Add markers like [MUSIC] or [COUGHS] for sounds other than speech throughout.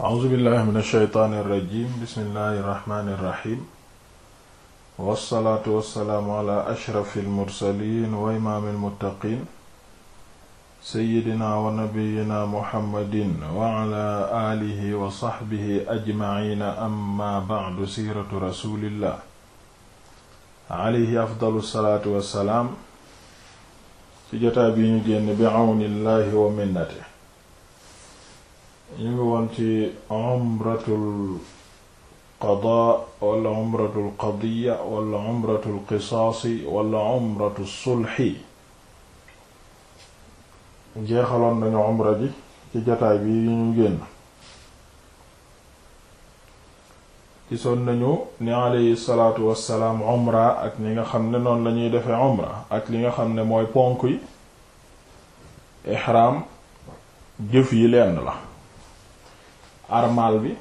a'uuzu billahi min alsheytaan irrajim bismillahi irrahmani irrahim wassalaatu wassalaamu ala ashrafi almursalin wa imaami almuttaqin seyidina wa nabiyina muhammadin wa ala aalihi wa saxbihi ajmaciina amma bacdu siiratu rasulillah alayhi afdalu salaatu wassalaam ci jotaay bi ñu génn bi awnillahi wa minnati ñu ngi woon ci umratul qadaa wala umratul qadiya wala umratul qisaasi wala umratul sulxi jeexaloon nañu umra ji ci jataay bi ñu génn gisoon nañu ni alayhi salaatu wassalaam umra ak li nga xam ne noonu la ñuy defee ak li nga xam ne mooy ponk yi ihraam jëf yi lenn la armal bi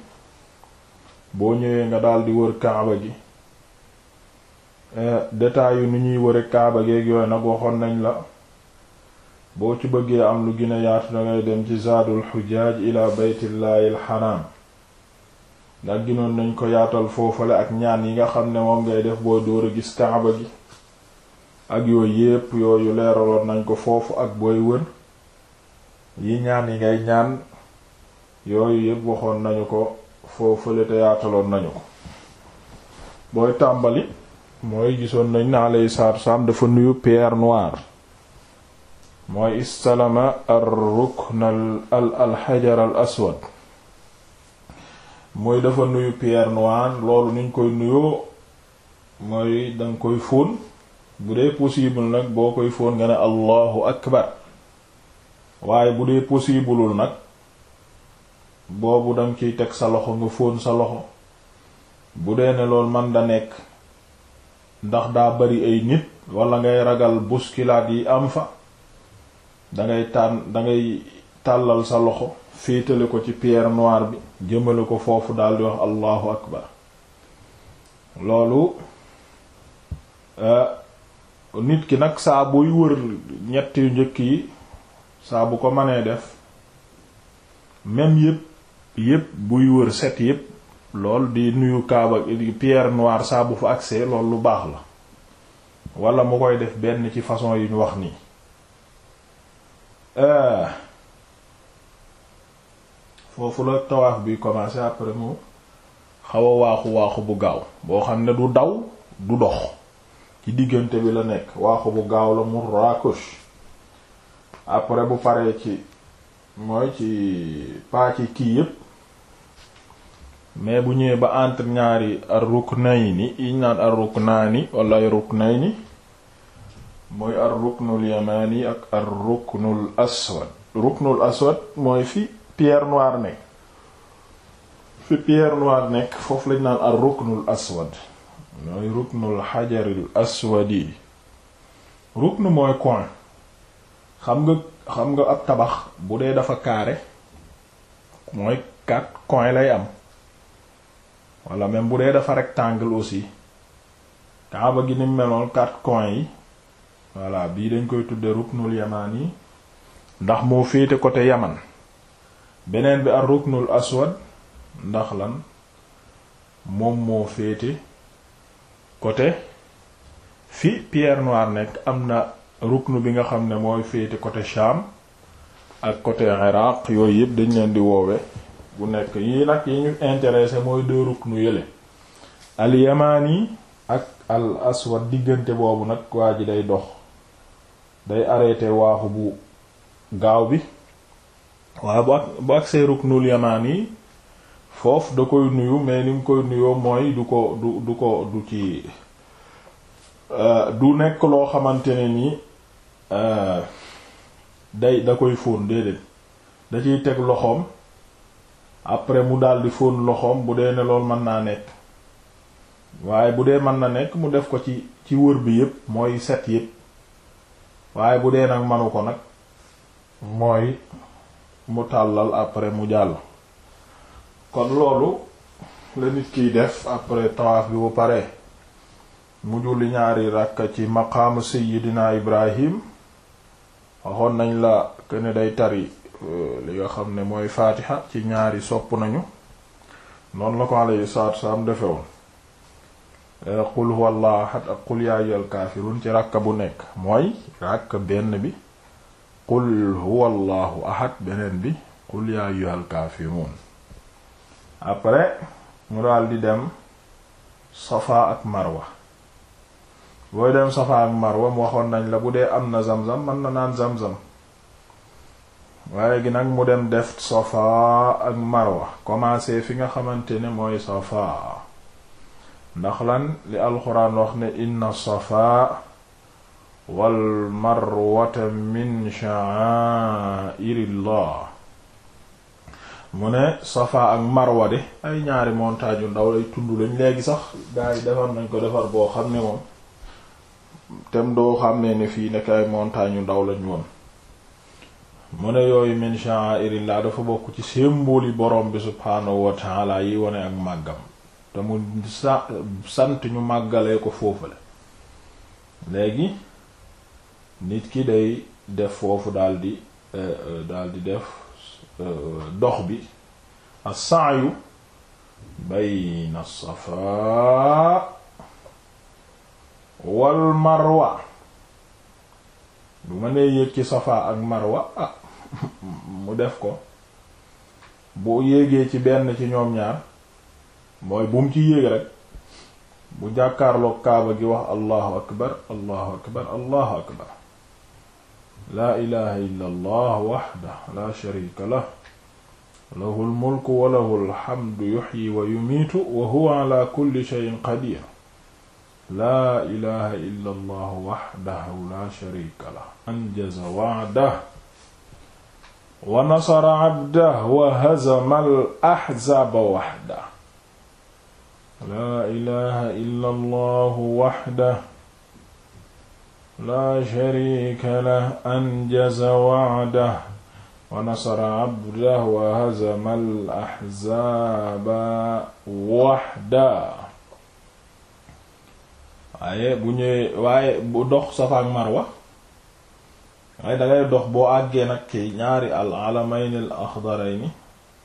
boo ñëwee nga daldi wër kaaba gi eh, détails yu ni ñuy wëre kaaba geeg yooyu nag waxoon nañ la boo ci bëggee am lu gina a yaatu ngay dem ci zaadul xujaaj ila beytillaahil xaraam ndax ginoon nañ ko yaatal foofale ak ñaan yi nga xam ne moom ngay def booy dóor a gis kaaba gi ak yooyu yépp yooyu leeraloon nañ ko foofu ak booy wër yi ñaan yi ngay ñaan yooyu yëpp waxoon nañu ko foofale te yaataloon nañu ko booy tàmbali mooy gisoon nañ na alayhi salaatu salaam dafa nuyu pierre noire mooy istalama al rukn al al xajar al aswad mooy dafa nuyu pierre noire loolu niñ koy nuyoo mooy danga koy fóon bu dee possible nag boo koy fóon nga ne allahu akbar waaye bu dee possibleul nag boobu danga ciy teg sa loxo nga fóon sa loxo bu dee ne lool man da nekk ndax daa bari ay nit wala ngay ragal bousculade yi am fa dangay tànn dangay tàllal sa loxo féetale ko ci pierre noire bi jëmale ko foofu daldi wax allahu akbar loolu eh, nit ki nag saa buy wër ñett njëkk yi saa bu ko mënee def même yépp yépp buy wër set yépp lool di nuyu kaaba pierre noire saa bu fa agsee lool lu baax la wala mu koy def benn ci façon yi ñu wax nii euh, foofu la tawaaf bi commencé après mu xaw a waaxu waaxu bu gaaw boo xam ne du daw du dox ci diggante bi la nekk waaxu bu gaaw la mu raakosh après bu paree ci mooy ci paa ci kii yépp mais bu ñëwee ba entre ñaari ar-ruknayni yi ñu naan ar-ruknaani wala ar-ruknayni mooy ar-ruknul yamani ak ar-ruknul aswad ruknul aswad mooy fi pierre noire nekk fi foofu lañ naan ar-ruknul aswad mooy ruknul xajaril aswadi rukn mooy coin xam nga xam nga ab tabax bu dee dafa carré mooy quatre coin lay am wala même bu dee dafa rectangle aussi kaaba gi ni meloon quatre coins yi voilà bii dañ koy tudde ruknul yamaan yi ndax moo féete côté yaman beneen bi ak ruknul aswad ndax lan moom moo féete côté fi Pierre Noire nekk am na ruknu bi nga xam ne mooy féete côté Cham ak côté Irak yooyu yëpp dañ leen di woowe bu nekk yii nag yi ñu intéressé mooy deux ruknu yële al yamaani ak al aswad diggante boobu nag waa ji day dox day arrêté waaxu bu gaaw bi waaw bu ak bu ak see ruknul yamaani foofu da koy nuyu mais ni koy nuyoo mooy du ko du du ko du ci euh, du nekk loo xamante nii euh, day da koy fóon déedéet da ciy teg loxoom après mu daldi fóon loxoom bu dee ne lool mën naa nekk waaye bu dee mën na nekk mu def ko ci ci wër bi yépp mooy set yépp waaye bu dee nag manu ko nag mooy mu tàllal après mu jàll kon loolu la nit kiy def après tawaaf bi bu pare mu julli ñaari ràkk ci maqaamu seydinaa ibrahim waxoon nañ la kenn day tari Euh, li nga xam ne mooy faatiha ci ñaari sopp nañu noonu la ko alayhi salaatu wasalaam defe woon euh, qul huwallahu ahad qul yaa ayyuhal ci ràkka bu nekk mooy ràkk benn bi qul huwallahu ahad beneen bi qul yaa ayyuhal kaafiruun après mu daal di dem safa ak marwa booy dem safa ak marwa mu waxoon nañ la bu dee am na zamzam mën na naan zamzam waaye gi nag mu dem def Safa ak Marwa commencé fi nga xamante ne mooy Safa ndax lan li alxuraan wax ne inna Safa wal Marwata min sha'airillah mu ne Safa ak Marwa de ay ñaari montagne yu ndaw lay tund lañ léegi sax gars yi defar nañ ko defar boo xam ne moom tem doo xam ne ne fii nekk ay montagne yu ndaw lañ woon mu ne yooyu min sha'airillah dafa bokk ci symbole yi borom bi subhaanahu wa yi wone ak màggam te mu sant ñu màggalee ko foofale léegi nit ki day def foofu daldi euh, euh, daldi def euh, dox bi san sayu bayna as-safa wal marwa bu ma nee yëg ci safa ak marwa ah, mu def ko boo yéegee ci benn ci ñoom ñaar mooy bu mu ci yéeg rek bu jàkkaarloog kaaba gi wax allahu akbar allahu akbar allahu akbar laa allah waxda la sharika lah lahu lmulku wa allah waxdahu la sharika lah anjaza wa'dahu wa nasara abdahu wa hazama al ahzaaba waxda laa ilaha illa allahu waxda laa sharika lah anjaza wacdah wa nasara abdah wa hazama al ahzaaba waxda waaye bu ñëwee waaye bu dox Safa ak Marwa waaye dangay dox boo àggee nag ki ñaari al alamayni al axdarayni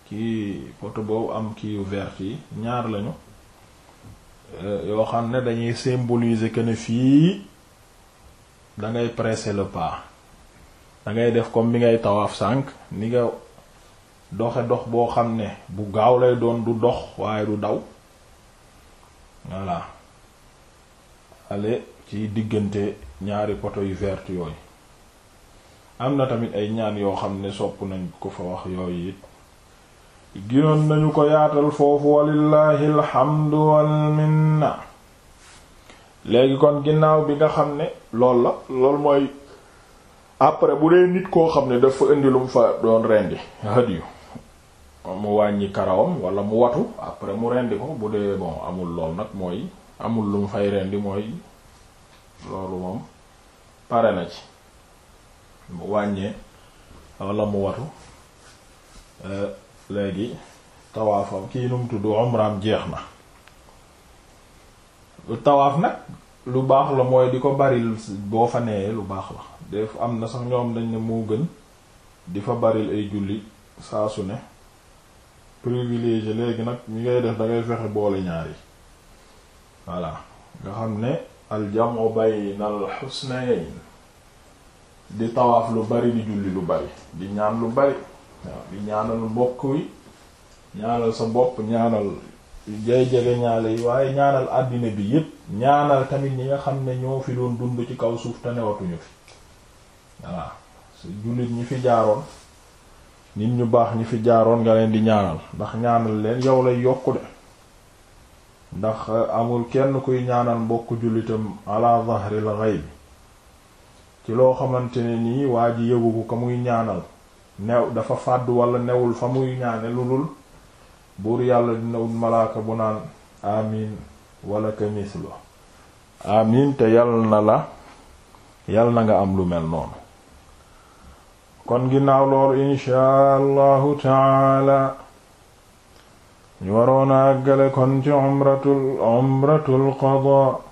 kii pot boobu am kii yu vert yi ñaar lañu eh, yoo xam ne dañuy symboliser que ne fii dangay presser le pas dangay def comme bi ngay taw tawaaf sànq ni nga doxe dox boo xam ne bu gaaw lay doon du dox waaye du daw voilà ale ci diggante ñaari poto yu vert yooy am na tamit ay ñaan yoo xam ne sopp nañ ko fa wax yooyu it ginoon nañu ko yaatal foofu walillahi alhamdu wal minna léegi kon ginnaaw bi nga xam ne lool la lool mooy après bu dee nit koo xam ne dafa indi lu mu fa doon rendi hadiyu mu wàññi karawam wala mu watu après mu rendi ko bu dee bon amul lool nag mooy amul lu mu fay rendi mooy loolu moom pare na ci mu wàññee wala mu watu euh, léegi tawaafam kii num tudd umraam jeex na lu tawaaf nag lu baax la mooy di ko baril boo fa nee lu baax la def am na sax ñoom dañ ne moo gën di fa baril ay julli saa su ne privilégié léegi nag ñu ngay def da fexe boole ñaar yi voilà nga xam ne al jamu bayna al di tawaaf lu bari di julli lu bari di ñaan lu bari waaw di ñaanal mbokk yi ñaanal sa bopp ñaanal jay jege ñaale yi waaye ñaanal àddina bi yépp ñaanal tamit ñi nga xam ne ñoo fi doon dund ci kaw suuf te newatuñu fi voilà su jullit ñi fi jaaroon nit ñu baax ñi fi jaaroon nga leen di ñaanal ndax ñaanal leen yow lay yokku de ndax amul kenn kuy ñaanal mbokk jullitam ala zahril ghayb ci loo xamante ne nii waa ji yëgu ko ka muy ñaanal new dafa fàdd walla newul fa muy ñaane lulul buur yàlla dina ut malaaka bu naan amin wala ka amin te yal na la yal na nga am lu mel noonu kon ginnaaw loolu inshaa allahu taala ñu waroon a àggale kon ci umratul umratul qada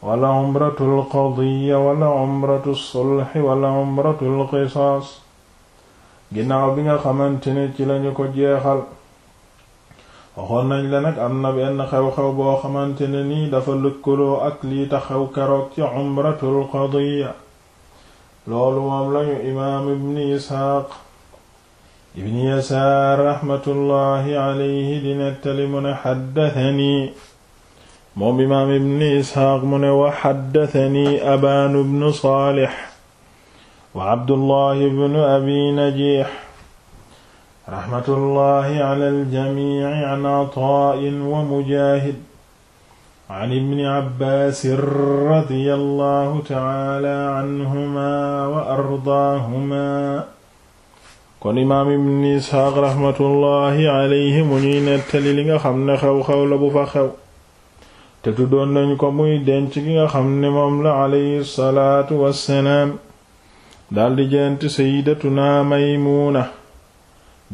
wala umratu alqadiya wala umratu sulxi wala umratu alqisaas ginnaaw bi nga xamante ne ci lañu ko jeexal waxoon nañ la nag am na benn xew-xew boo xamante ne nii dafa lëkkaloo ak lii ta xew keroog ci umratu alqadiya loolu moom lañu imaam ibni isxaaq ibni yasaar raxmatullahi alayhi di nettali mu ne xaddatani moom imaam ibn isxaaq mu ne wa xaddatani abaanu bnu saalix wa abdullahi bnu abi najiix raxmatullahi ala aljamici an aataa'in wa mujaahid an ibni abbaasin radiyallahu taala anhumaa wa ardaahumaa kon imaam ibn isxaaq raxmatullahi alayhi mu ñuy nettali li nga xam ne xew-xew la bu fa xew te tuddoon nañu ko muy denc gi nga xam ne moom la alayhi salaatu wassalaam daldi jent sayyidatuna maymuuna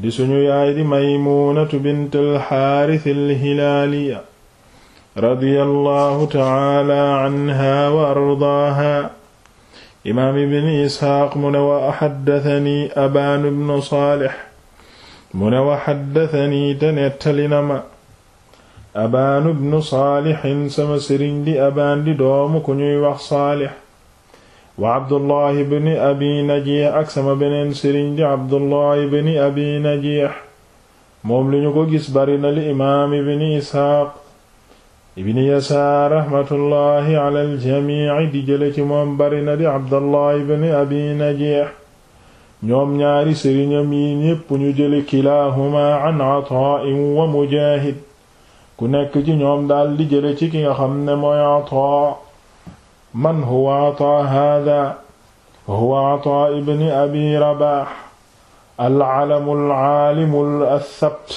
di suñu yaay di maymuunatu bint alxaaris alhilaaliya radiyallahu taala anha wa ardaaha imaam ibn isxaaq mu ne wa xaddatani abaan ibnu saalix mu ne wa xaddatani te nettalina ma abaan ibnu saalixin sama sëriñ di abaan di doomu ku ñuy wax saalix wa abdullahi bni abi najiix ak sama beneen sëriñ di abdullahi bni abi najiix moom li ñu ko gis barina na li imaam ibni isxaaq ibni yasaar raxmatullahi ala aljamici di jële ci moom bari di abdullahi bni abi najiix ñoom ñaari sëriñam yi ñépp ñu jële kilaahuma an ataa wa mujaahid ku nekk ci ñoom daal di jële ci ki nga xam ne mooy Ataa man huwa Ataa haada huwa Ataa ibni abi Rabaah al-alamu al-aalimu sabt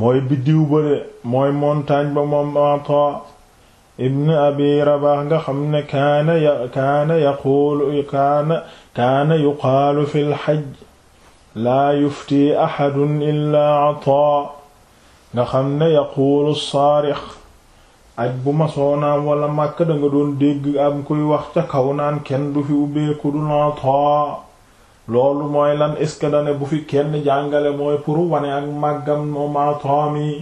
mooy biddiw bale mooy montagne ba moom Ataa ibn abi Rabaah nga xam ne kaana ya kaana fi al-hajj laa yufti ahadun illaa Ataa nga xam ne yaquulu saarix aj bu masoonaam wala màkk danga doon dégg am kuy wax ca kaw naan kenn du fi ubbeeku du nata loolu mooy lan est-ce que dane bu fi kenn jàngale mooy pour wane ak màggam moom atami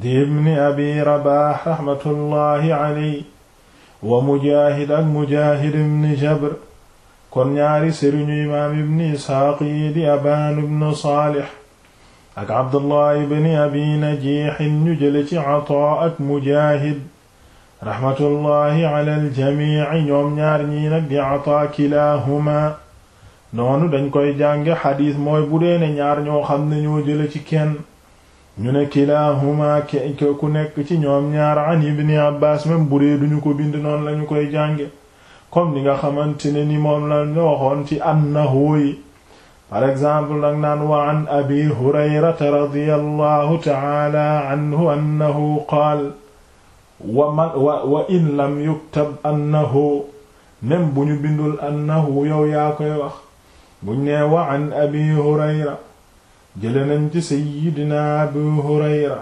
di ibni abi rabax raxmatullahi aley wa mujaahid ak mujaahid ibni jabr kon ñaari sëriñu imaam ibni isxaaq yi abaan ibnu saalix ak abdullah ibni abi najiixin ñu jële ci ataa ak mujaahid raxmatullahi ala aljamici ñoom ñaar ñii nag di ataa kilaahuma noonu dañ koy jànge xadiis mooy bu dee ñaar ñoo xam ne ñoo jële ci kenn ñu ne kilaahuma ku nekk ci ñoom ñaar an ibni abbas même bu ko bind noonu lañu koy jànge comme ni nga xamante ne ni moom la ñu waxoon ci annahu yi par exemple nag naan wa an abi hurayrata radiyallahu ta'ala anhu annahu qaal wa lam yuktab annahu même bu ñu bindul annahu yow yaa koy wax buñ nee wa an abi hurayra jële nañ abi hurayra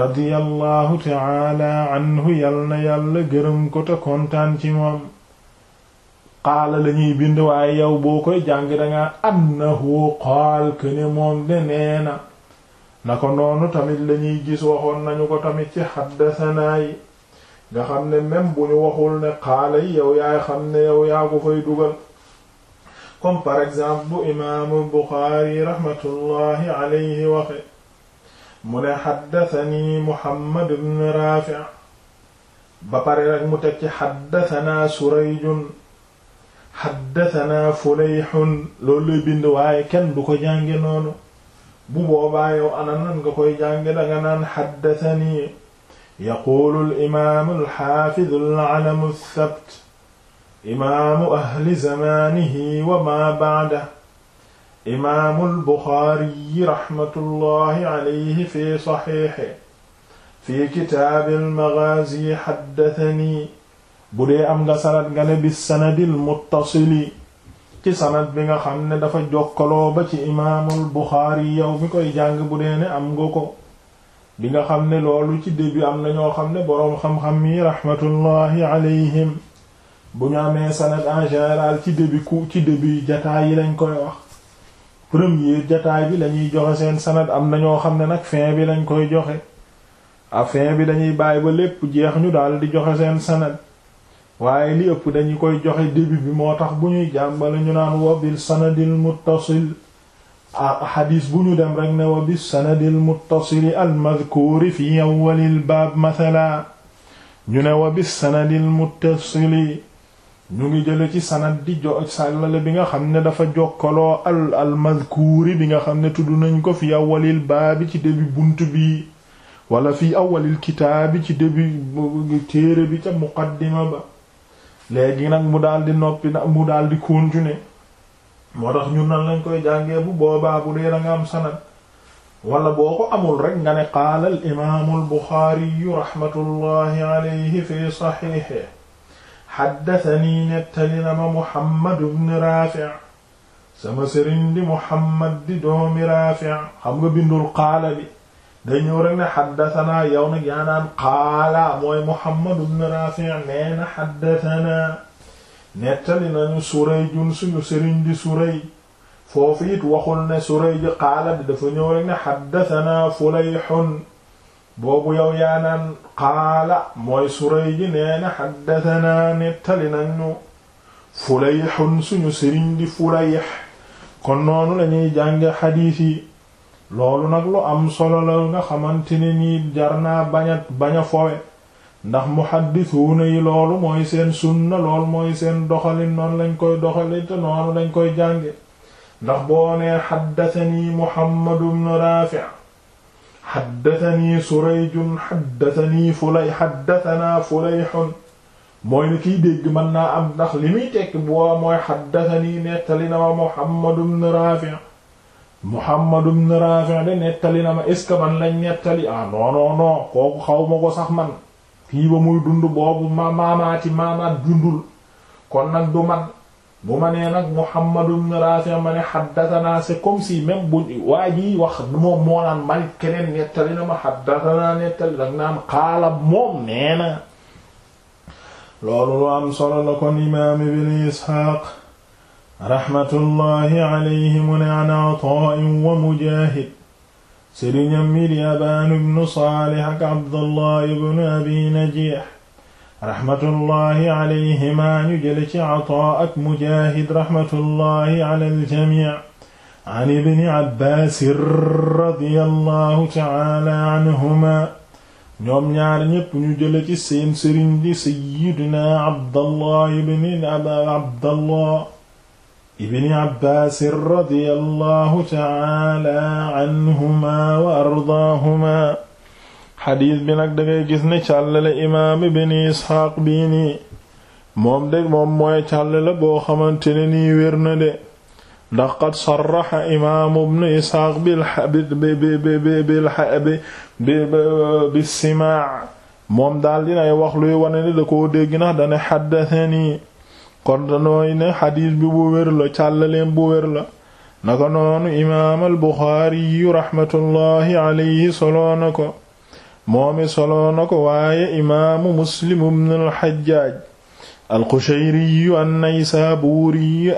radiyallahu ta'ala anhu yal na yàlla gërëm ko te qaala la ñuy bind waaye yow boo koy jàng dangaa annahu qaal këne moom de nee na ko noonu tamit la gis waxoon nañu ko tamit ci xaddasanaa yi nga xam ne même bu ñu waxul ne qaala yi yow yaay xam ne yow yaa ko fay dugal comme par exemple bu imaamu Buxaari waxe mu ne xaddatani Muhammad ibn Raafi' ba pare rek mu teg ci xaddasanaa Surayjun xaddatanaa fuleyxun loolu lay bind waaye kenn du ko jànge noonu bu boobaa yow ana nan nga koy jànge danga naan xaddatanii yaquulu alimaamu alxaafidu alalamu alsabt imaamu ahli zamaanihi wa maa bacda imaamu albuxaariyi raxmatullahi calayhi fi saxiixe fi kitaabi almagaazi xaddatanii bu dee am nga sanad nga ne bi sanadil muttasili ci sanad bi nga xam ne dafa jokkaloo ba ci imaamul Buxaari yow bi koy jàng bu dee ne am nga ko bi nga xam ne loolu ci début am na ñoo xam ne boroom xam-xam yi rahmatullahi alayhim bu ñu amee sanad en général ci début ku ci début jataay yi lañ koy wax premier jataay bi lañuy joxe seen sanad am na ñoo xam ne nag fin bi lañ koy joxe à bi dañuy bàyyi ba lépp jeex ñu daal di joxe seen sanad waaye li ëpp dañu koy joxe début bi moo tax bu ñuy jàmbale ñu naan wobil wabil sanadil muttasil a xadiis bu ñu dem rekk ne wabil sanadil muttasili almadkuuri fi awwalil baab mathala ñu ne wabil sanadil muttasili ñu ngi jële ci sanad di jo sàllale bi nga xam ne dafa jokkaloo al almadkuuri bi nga xam ne tudd nañ ko fi awwalil bi ci début bunt bi wala fi awwalil kitaabi ci début téere bi ca muqaddima ba léegi nag mu daal di noppi nag mu daal di continuer moo tax ñun nan lañ koy jàngee bu boobaa bu dee da am sanad wala boo amul rek nga ne qaala al imaamu al buxaari rahmatullahi alayhi fi saxiixihi xaddatani nettali na ma muhammad ibn raafi' sama sëriñ di muhammad di doomi raafi' xam nga bindul qaala bi day ñëw rek ne xaddasanaa yow nag yaa naan qaala mooy Muhammad ibn Rafi' nee na xaddasanaa nettali nañu Surayjun suñu sëriñ di Suray foofu it waxul ne Suray ji qaala bi dafa ñëw rek ne xaddasanaa Fulayhun boobu yow yaa naan qaala mooy Suray ji nee na xaddasanaa nettali nañu Fulayhun suñu sëriñ di Fulayh lañuy jànge xadiis loolu nag lu am solo la nga xamante ne nii jar naa bañ a bañ fowe ndax muhaddisuuna yi loolu mooy seen sunna lool mooy seen doxalin noonu lañ koy doxalin te noonu lañ koy jànge ndax boo nee mu muhammadu bnu raafi' xaddatani surayjun xaddatani fulay xaddatanaa fulayxun mooy ni kii dégg mën naa am ndax li muy tekk boo mooy xaddatani nettali na wa muhammadu bnu raafi' Muhammad ibn Rafi' de nettali na ma est man lañ nettali ah non non non kooku xaw ma ko sax man kii ba muy dund boobu ma maamaati maamaat dundul kon nag du man bu ma nee nag Muhammad ibn Rafi' ma ne haddathana c'est comme si même bu waa wax moom moo man keneen nettali na ma haddathana nettali nag naan xaala moom nee na loolu lu am solo la kon imaam Ibn Ishaq raxmatullahi alayhi mu ne an ataa wa mujaahid sëriñam yi di abaan ibnu saalix ak abdullah ibnu abi najiix raxmatullahi alayhimaa ñu jële ci ataa ak mujaahid raxmatullahi ala aljamiic an ibni abbaasin radiyallahu taala anhumaa ñoom ñaar ñépp ñu jële ci seen sëriñ di sayyidina abdallah ibni abdallah ibni abbaasin radia allahu taala anhuma wa ardaahuma xadiis bi nag dangay gis ne càllale imaam ibni isxaaq bii nii moom de moom mooy càllale boo xamante ne nii wér na de ndax qad sarraxa imaamu ibnu isxaaq bisimaac moom daal dinay wax luy wane ne da koo dégg nax dane xaddatani kon danooy ne xadiis bi bu wér la càllaleen bu wér la imaam al buxaari raxmatullaahi alayhi soloo na ko moomi soloo na waaye imaamu muslim ibn al xajjaaj al qushayri an-naysaabuuri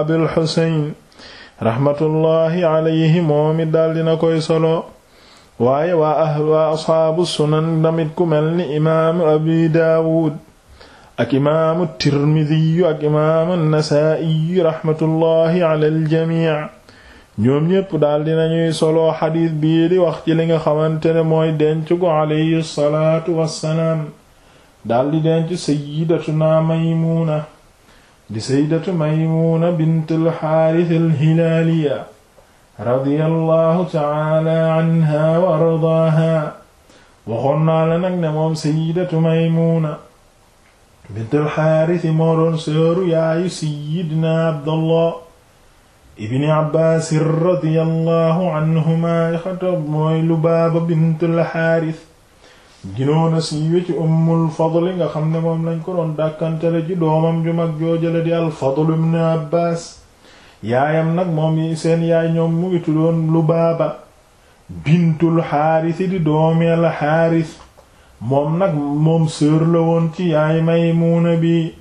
abil xuseyn raxmatullaahi alayhi moomi daldi na koy solo waaye waa ah waa sunan damit ku mel ni imaamu abi daawud ak imaamu tirmidiyu ak imaamu nasaa'iyu raxmatullahi ala aljamic ñoom ñépp daal dinañuy solo xadiis bii di wax ci li nga xamante ne mooy denc gu alayhi salaatu wassalaam daal di denc sayyidatuna maymuuna di sayyidatu maymuuna bint alxaaris alhilaaliya radiyallahu taala anha wa ardaaha waxoon naa moom sayyidatu maymuuna bintul xaaris moo doon seeru yaayu sayidna abdallah ibni abbaas radiyallahu anhuma xatab mooy Lubaaba bintul xaaris ginoona siiwe ummul fadl xam ne moom lañ ko doon dàkkantele ci doomam ju mag joojale di alfadl ibn abbaas yaayam nag moom seen yaay ñoom moom nag moom sœur la woon ci yaay Maymuna bi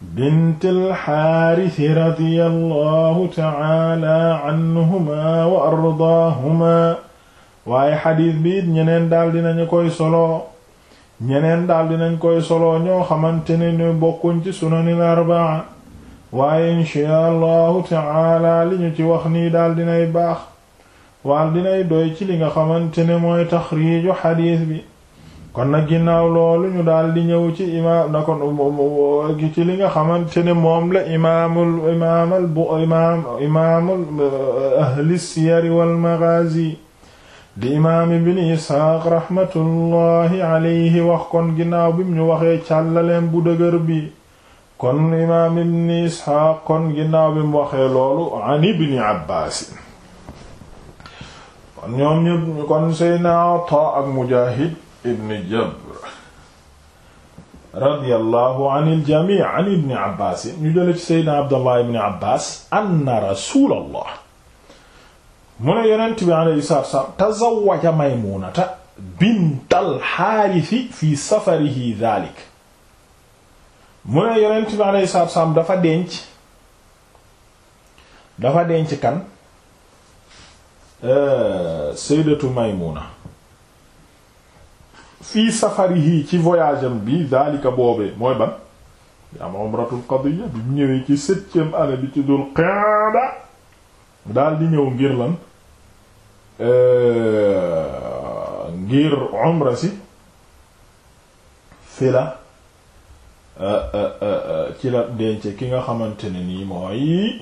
bint al-Haaris radiyallahu ta'ala anhuma wa ardaahuma waaye xadiis bi it ñeneen daal dinañu koy solo ñeneen daal dinañ koy solo ñoo xamante ne ñu bokkuñ ci sunanil arbaa waaye inshaa allahu ta'ala li ñu ci wax ni daal dinay baax waal dinay doy ci li nga xamante ne mooy taxriiju xadiis bi kon nag ginnaaw loolu ñu daal di ñëw ci imaam na kon ci li nga xamante ne moom la imaamul imaamal bu imaam imaamul eh, ahli siyar wal maghazi imaam ibn isxaaq raxmatullahi alayhi wax kon ginnaaw bi ñu waxee càllaleen bu dëgër bi kon imaam ibn isxaaq kon ginnaaw bi mu waxee loolu an ibni abbaas kon ñoom ñëpp kon seyna Ata ak Mujaahid ibn Jabr radiyallahu anil jamii an ibni Abbaas ñu jële ci Seydina Abdallah ibni Abbaas anna rasuulallah mu ne yonent bi alayhi salaatu wa salaam fi safarihi daalik mu ne yonent bi dafa denc kan Sayyidatu Maymuna fii safarihi ci voyage am bi daalika boobee mooy ban am umratul qadiyya bi mu ñëwee ci septième année bi ci dul qaada daal di ñëw ngir lan euh, ngir umra si fi la euh, euh, ci la denc ki nga xamante ni nii mooy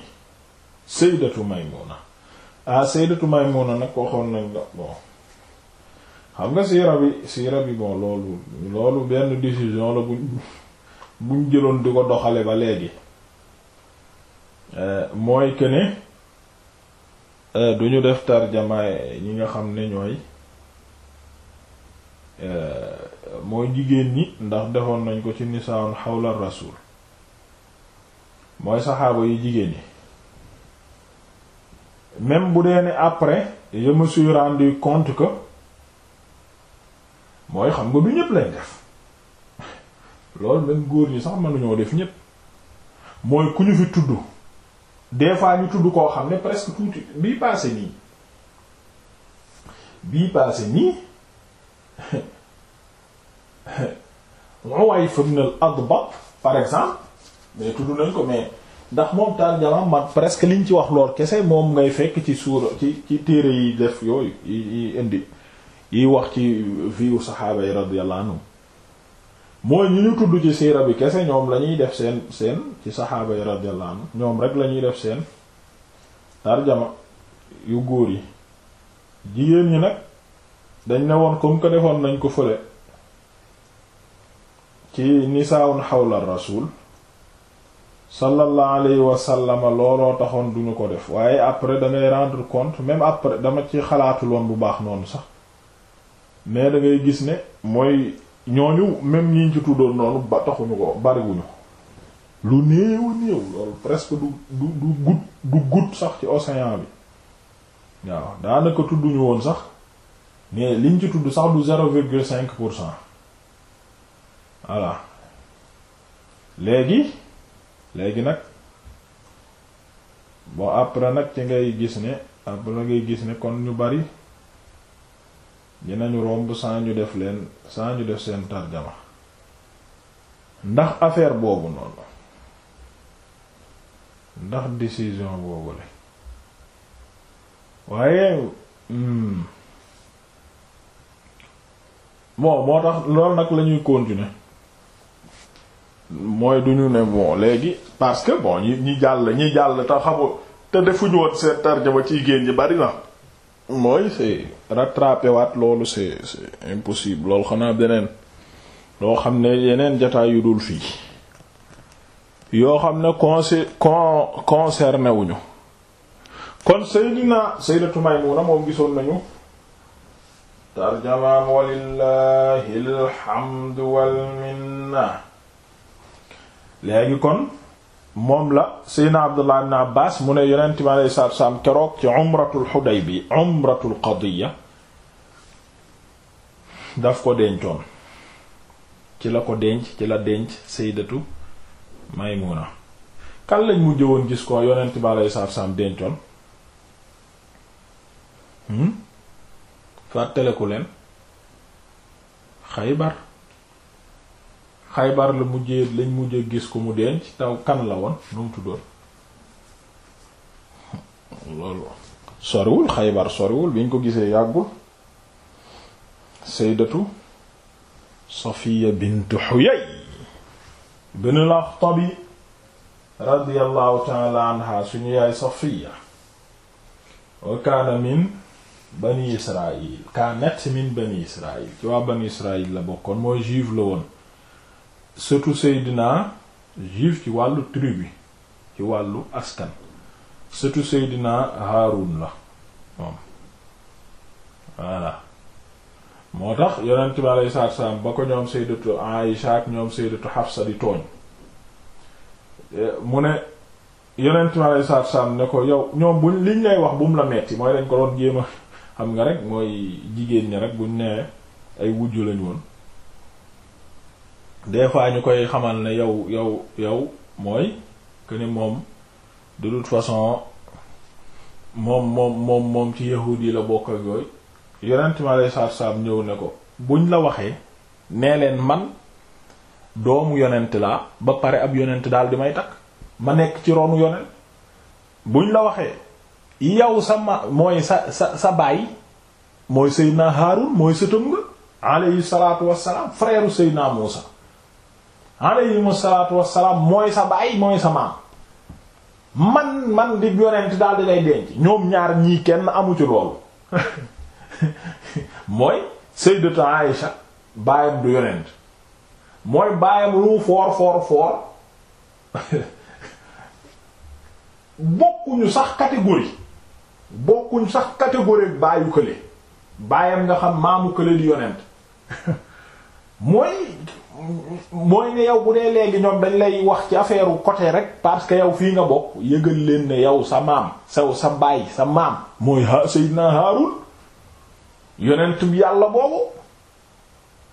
saydatu maymuna ah saydatu maymuna nag waxoon nañ la bon xam nga siira bi siira bi bon loolu loolu benn décision la bu buñ jëloon di ko doxale ba léegi euh, mooy que euh, du duñu def tarjama ñi nga xam ne ñooy euh, mooy jigéen ñi ndax defoon nañ ko ci nisaan xawla rasul mooy saxaaba yi jigéen ñi même bu dee ne après je me suis rendu compte que mooy xam nga du ñëpp lay def loolu même góor ñi sax mënuñoo def ñëpp mooy ku ñu fi tudd des fois ñu tudd koo xam ne presque tuuti bii passé nii bii passé nii Uwayf ibn al-Adbat par exemple mais tudd nañ ko mais ndax moom tarjamaam man presque liñ ci wax lool kese moom ngay fekk ci suura ci ci téere yi def yooyu yi indi yiy wax ci fiiwu saxaaba yi radiyallahu mooy ñu ñu tudd ci siira bi kese ñoom lañuy def seen seen ci saxaaba yi radiyallahu ñoom rek lañuy def seen tarjama yu góor yi jigéen ñi nag dañ ne woon comme que defoon nañ ko fële ci nisaawun xawla rasul sallallahu alayhi wa sallam looloo taxoon duñu ko def waaye après da ngay rendre compte même après dama ci xalaatuloon bu baax noonu sax mais da gis ne mooy ñooñu même ñi ci tuddoon noonu ba taxuñu ko bariwuñu lu néew a néew loolu presque du du du du goutte sax ci océan bi waaw daanaka tudduñu woon sax mais liñ ci tudd sax du zéro virgule cinq pour cent voilà léegi léegi nag bon après nag ci ngay gis ne après ngay gis ne kon ñu bari dinañu romb saa ñu def leen saa ñu def seen tarjama ndax affaire boobu noonu ndax décision boobu la waaye hmm. bon moo tax loolu nag lañuy ñuy continuer mooy duñu ñu ne bon léegi parce que bon ñi ñi jàll ñi jàll te xamu te defuñu woon seen tarjama ciy génn ñi bari na mooy c'est rattrapé waat loolu c'est c'est impossible loolu xanaa beneen loo xam ne yeneen jataay yu dul fii yoo xam ne concer con concerné wuñu kon Seydina Sayyidatu Maymuna moom gisoon nañu tarjamaam walillahi alhamdu wal minna kon moom la seydna abdullah ibn abbas mu ne yonent mi aleyi salaatu salaam keroog ci umratul xudaybi umratul qadiya daf ko dencoon ci la ko denc ci la denc saydatu maymuna kan lañ mujj woon gis ko yonent mi aleyi salaatu salaam dencoon hmm? fàttaleku leen xaybar xaybar la mujjee lañ mujjee gis ko mu ci taw kan la woon nu tuddoon loolu soriwul xaybar soriwul biñ ko gisee yàggul saydatu safiya bint xuyay bin al-Axtabi radiyallahu ta'ala anha suñu yaay safiya wa kaana min bani israil kaanat min bani israil ci waa bani israil la bokkoon mooy juif la woon sëtu Seydina juif ci wàllu tribu ci wàllu askan sëtu Seydina Haarun la moom voilà moo tax yonent bi alayhi salaatu salaam ba ko ñoom Sayyidatu Aïsha ak ñoom Sayyidatu Hafsa di tooñ eh, mu ne yonent ma alayhi salaatu salaam ne ko yow ñoom buñ liñ lay wax bu mu la metti mooy dañ ko doon jéem xam nga rek mooy jigéen ñi rek buñ nee ay wujju lañ woon des fois ñu koy xamal ne yow yow yow mooy que ni moom de toute façon moom moom moom ci yahuud yi la bokk ak yooyu yonent mi alayhi salaatu salaam ñëw ne ko buñ la waxee nee leen man doomu yonent laa ba pare ab yonent daal di may takk ma nekk ci ronu yonent buñ la waxee yow sa ma mooy sa sa sa baay mooy Seydina Haarun mooy sëtam nga alayhi salaatu wassalaam frère Seydina Muusa alayhimu salaatu wassalaam mooy sa baay mooy sa maam man man di yonent daal di lay denc ñoom ñaar ñii kenn amu ci loolu [LAUGHS] mooy sayyidatu Aïsha baayam du yonent mooy baayam lu foor foor foor [LAUGHS] bokkuñu sax catégorie bokkuñu sax catégorie baayu kële baayam nga xam maamu kële di yonent [LAUGHS] mooy mooy ne yow bu dee léegi ñoom dañ lay wax ci affaire côté rek parce que yow fii nga bokk yëgal leen ne yow sa maam saw sa baay sa maam mooy Seydina Haarun yonent yàlla boobu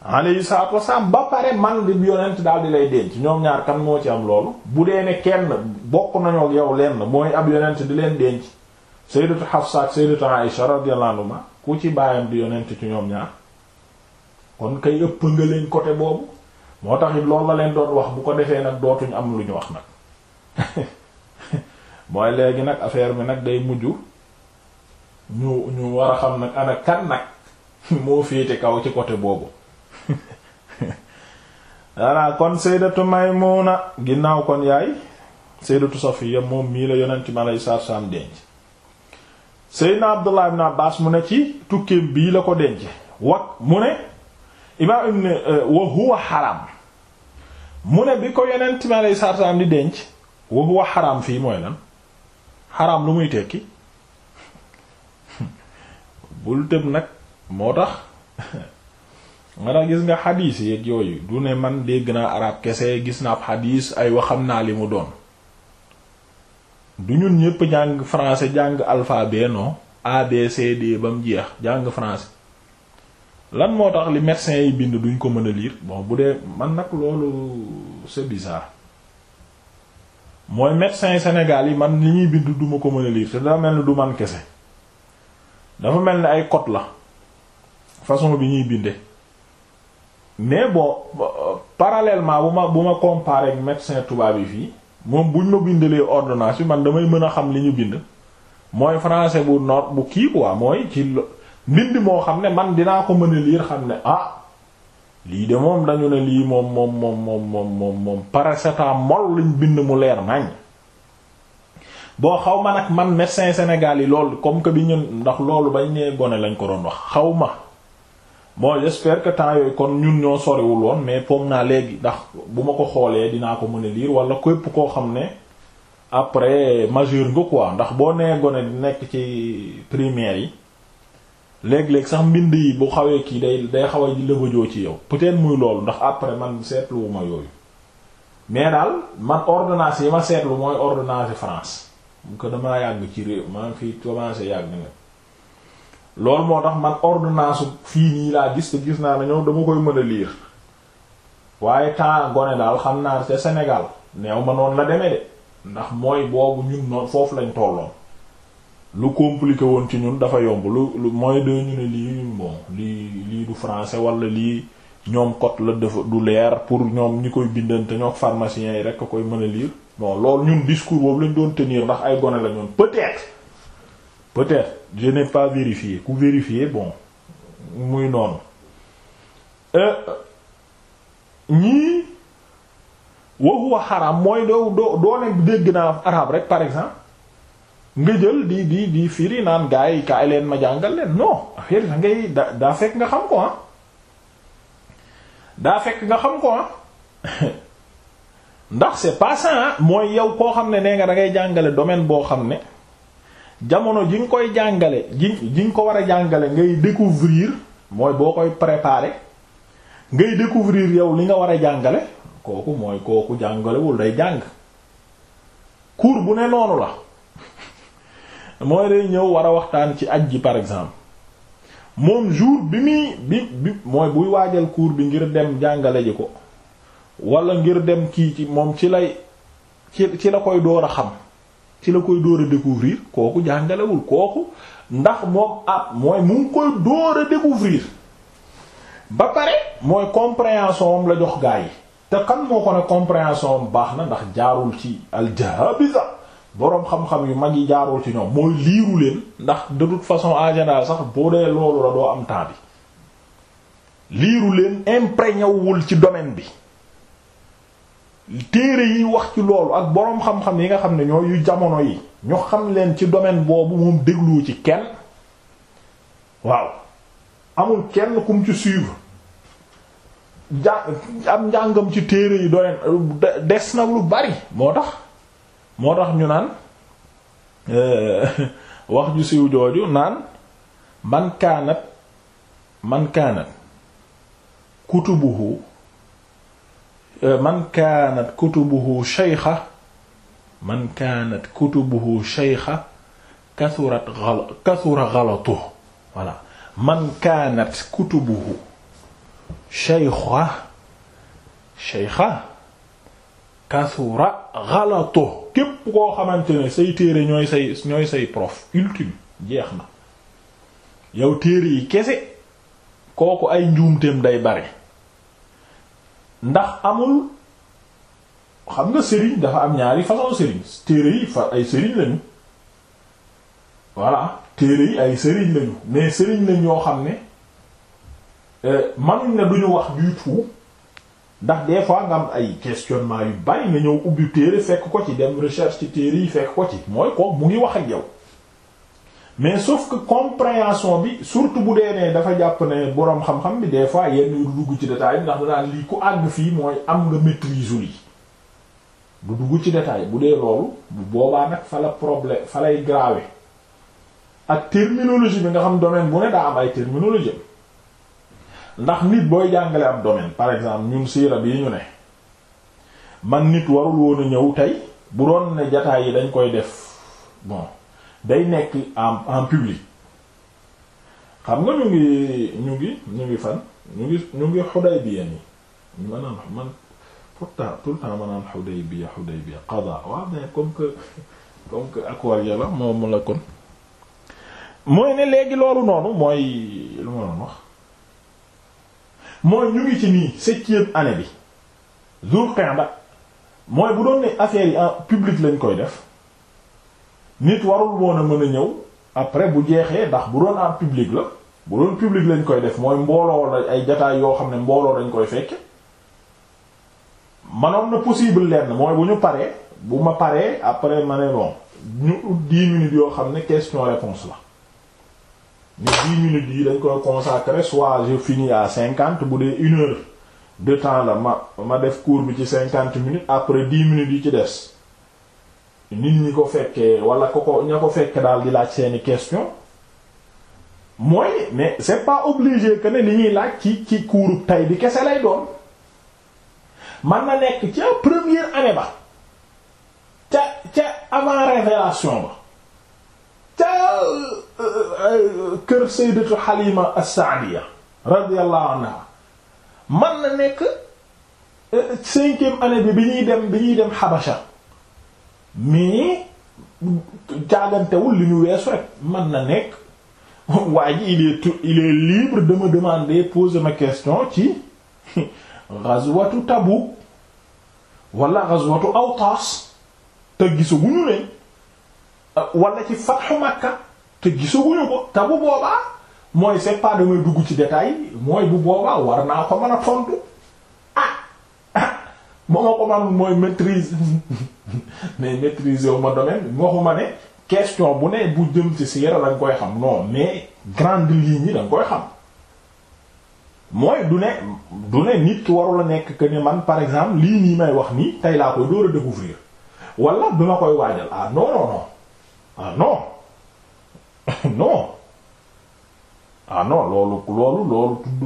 alayhi salaatu wasalaam ba pare man di yonent daal di lay denc ñoom ñaar kan moo ci am loolu bu dee ne kenn bokk nañoo ak leen lenn mooy ab yonent di leen denc Sayyidatu Hafsa ak Sayyidatu Aisha radiyallahu ku ci baayam di yonent ci ñoom ñaar kon kay ëpp nga leen côté boobu moo tax it loolu la leen doon wax bu ko defee nag dootuñ am lu ñu wax nag [LAUGHS] mooy léegi nag affaire bi nag day mujj ñu ñu war a xam nag ana kan nag [LAUGHS] moo féete kaw ci côté boobu [LAUGHS] voilà kon sayyidatu na ginnaaw kon yaay sayyidatu Safiya moom mii la yonent mi aleyhi salaatu salaam denc sayyidna Abdullah ibn Abbas mu ne ci tukki bii la ko denc wa mu ne imaam ibn eh, wa huwa xaram mu ne bi ko yeneen ma lay di denc wa xaram fii mooy lan xaram lu muy tekki [LAUGHS] bul tëb nag moo tax [LAUGHS] nga tax gis nga xadiis yeeg yooyu du ne man dégg naa arab kese gis naa ab xadiis ay waxam naa li mu doon du ñun ñépp jàng français jàng alphabet non A B C D ba mu jeex jàng français lan moo tax li médecin yi bind duñ ko mën a liir bon bu dee man nag loolu c'est bizarre mooy médecin yi Sénégal yi man li ñuy bind duma ko mën a liir te dafa mel ni du man kese dafa mel ni ay code la façon bi ñuy bindee mais bon parallèlement bu ma bu ma comparer ak tubaab yi fii moom buñ ma bindalee ordonnance bi man damay mën a xam li ñu bind mooy français bu nord bu kii quoi mooy ci mbind moo xam ne man dinaa ko mën a liir xam ne ah lii de moom dañu ne lii moom moom moom moom moom moom moom paracétamol lañ bind mu leer nañ boo xaw ma nag man médecin Sénégal yi lool comme que bi ñun ndax loolu bañ nee gone lañ ko doon wax xaw ma moo j'espère que temps yooyu kon ñun ñoo soriwul woon mais poom naa léegi ndax bu ma ko xoolee dinaa ko mën a liir walla képp koo xam ne après majeur nga quoi ndax boo nee gone di nekk ci primaire yi léeg-léeg sax mbind yi bu xawee kii day day xaw a ji lëbëjoo ci yow peut-être muy loolu ndax après man seetluwu ma yooyu mais daal man ordonnance yi ma seetlu mooy ordonnance France mu ko damaa yàgg ci réew maa ngi fii commencé yàgg na loolu moo tax man ordonnance fii nii laa gis te gis naa ne ñoom dama koy mën a liir waaye temps gone daal xam naa ca senegal neew ma noonu la demee de ndax mooy boobu ñun noonu foofu lañ tolloon lu compliqué woon ci ñun dafa yomb lu lu mooy de ñu ne lii bon lii lii du français walla lii ñoom code la dafa du leer pour ñoom ñi koy bindante ñoo pharmaciens yi rek a koy mën a liir bon loolu ñun discours boobu lañ doon tenir ndax ay gone la ñoon peut-être peut-être je n'ai pas vérifié ku vérifier bon muy noonu euh, ñii wax xaraam mooy doo doo doo ne dégg naa arab rek par exemple nga jël di di di firi naan gars kaay leen ma jàngal leen non affaire da da daa fekk nga xam ko ah daa fekk nga xam ko ah [LAUGHS] ndax c'est pas ah. mooy yow koo xam ne nee nga da jàngale domaine boo xam ne jamono ji nga koy jàngale ji ji nga ko war a jàngale ngay découvrir mooy boo koy préparer ngay découvrir yow li nga war a jàngale kooku mooy kooku jàngalewul day jàng cours bu ne noonu la mooy day ñëw war a waxtaan ci aj ji par exemple moom jour bi muy bi bi mooy buy waajal cours bi ngir dem jàngale ji ko walla ngir dem kii ci moom ci lay ci ci la koy door a xam ci la koy door a découvrir kooku jàngalewul kooku ndax moom ab ah mooy mu ngi koy door a découvrir ba pare mooy compréhension la jox gaa yi te kan moo ko ne compréhension am baax na ndax jaarul ci aljahabiza boroom xam-xam yu mag yi jaaroo ci ñoom mooy liiru leen ndax de façon en général sax boo dee loolu la doo am temps bi liiru leen imprégné wul ci domaine bi téere yi wax ci loolu ak boroom xam-xam yi nga xam ne ñoo yu jamono yi ñu xam leen ci domaine boobu moom déglu ci kenn waaw amul kenn kum ci suivre ja am njàngam ci téere yi doyen des na lu bari moo tax. moo tax ñu naan euh, [LAUGHS] wax ju siw jooju naan man kaanat man kaanat kutubuhu euh, man kaanat kutubuhu shaykha man kaanat kutubuhu shaykha kasurat kasura galatu man kaanat kutubuhu shaykha shaykha kasura xalato képp koo xamante ne say téere ñooy say ñooy say prof ultime jeex na yow téere yi kese kooku ay njuumteem day bare ndax amul xam nga sëriñ dafa am ñaari façon sëriñ téere yi fa ay sëriñ lañu voilà téere yi ay sëriñ lañu mais sëriñ lañ ñoo xam ne euh, manuñ ne duñu wax du tout ndax des fois nga am ay questionnement yu bari nga ñëw ubbi téere fekk ko ci dem recherche ci téere yi fekk ko ci mooy ko mu ngi wax ak yow mais sauf que compréhension bi surtout bu dee ne dafa jàpp ne boroom xam-xam bi des fois yenn du dugg ci détail ndax mu naan lii àgg fii mooy am nga maîtrise yi du ci détail bu dee loolu bu boobaa nag fa la problème fa lay grave ak terminologie bi nga xam domaine bu ne daa am ay terminologie ndax nit booy jàngalee am domaine par exemple ñun siira bii ñu ne man nit warul woon ñëw tey bu doon ne jataay yi dañ koy def bon day nekk en en public xam nga ñu ngi ñu ngi ñu ngi fan ñu ngi ñu ngi Hudaybiya ni man man pourtant tout le temps ma naan Hudaybiya Hudaybiya qada waaw mais comme que comme que accord yàlla moom la kon mooy ne léegi loolu noonu mooy lu ma doon wax mooy ñu ngi ci nii septième année bi Zul Qa'da mooy bu doon ne affaire yi en public lañ koy def nit warul woon a mën a ñëw après bu jeexee ndax bu doon en public la bu doon public lañ koy def mooy mbooloo la ay jataay yoo xam ne mbooloo lañ koy fekke manoon na possible lenn mooy bu ñu paree bu ma paree après ma ne bon ñu ut dix minutes yoo xam ne question réponse la ne dix minutes yi dañ koy consacrer soit je finis à cinquante bu dee une heure de temps la ma ma def cours bi ci cinquante minutes après dix minutes yi ci des nit ñi ko fekkee wala ko ko ña ko fekke daal di laaj seeni question mooy mais c'est pas obligé que ne li ñuy laaj ci ci cours tay bi kese lay doon man na nekk ca première année ba ca ca avant révélation ba ca uh, uh, kër sayyidatu Halima as-Sa'diya radiyallahu anha man na nekk uh, cinquième année bi bi ñuy dem bi ñuy dem Habasha mais jaagantewul li ñu weesu rek man na nekk waa ji il est il est libre de me demander poser ma question ci ghazwatu Tabuk wala ghazwatu Awtas te gisaguñu leen Euh, wala ci fatxu Makka te gisaguñu ko te bu boobaa mooy c'est pas damay dugg ci détail mooy bu boobaa war naa ko mën a tontu ah moo ah! ma ko man mooy maîtrise [LAUGHS] mais maîtriser wu ma domaine waxuma ne question bu ne bu jëm ci siira da koy xam non mais grande da koy xam mooy du ne du ne nit ki warul a nekk que ne man par exemple lii nii may wax nii tey laa koy door a découvrir wala bi ma koy waajal ah non ah non [LAUGHS] non ah non loolu loolu loolu tudd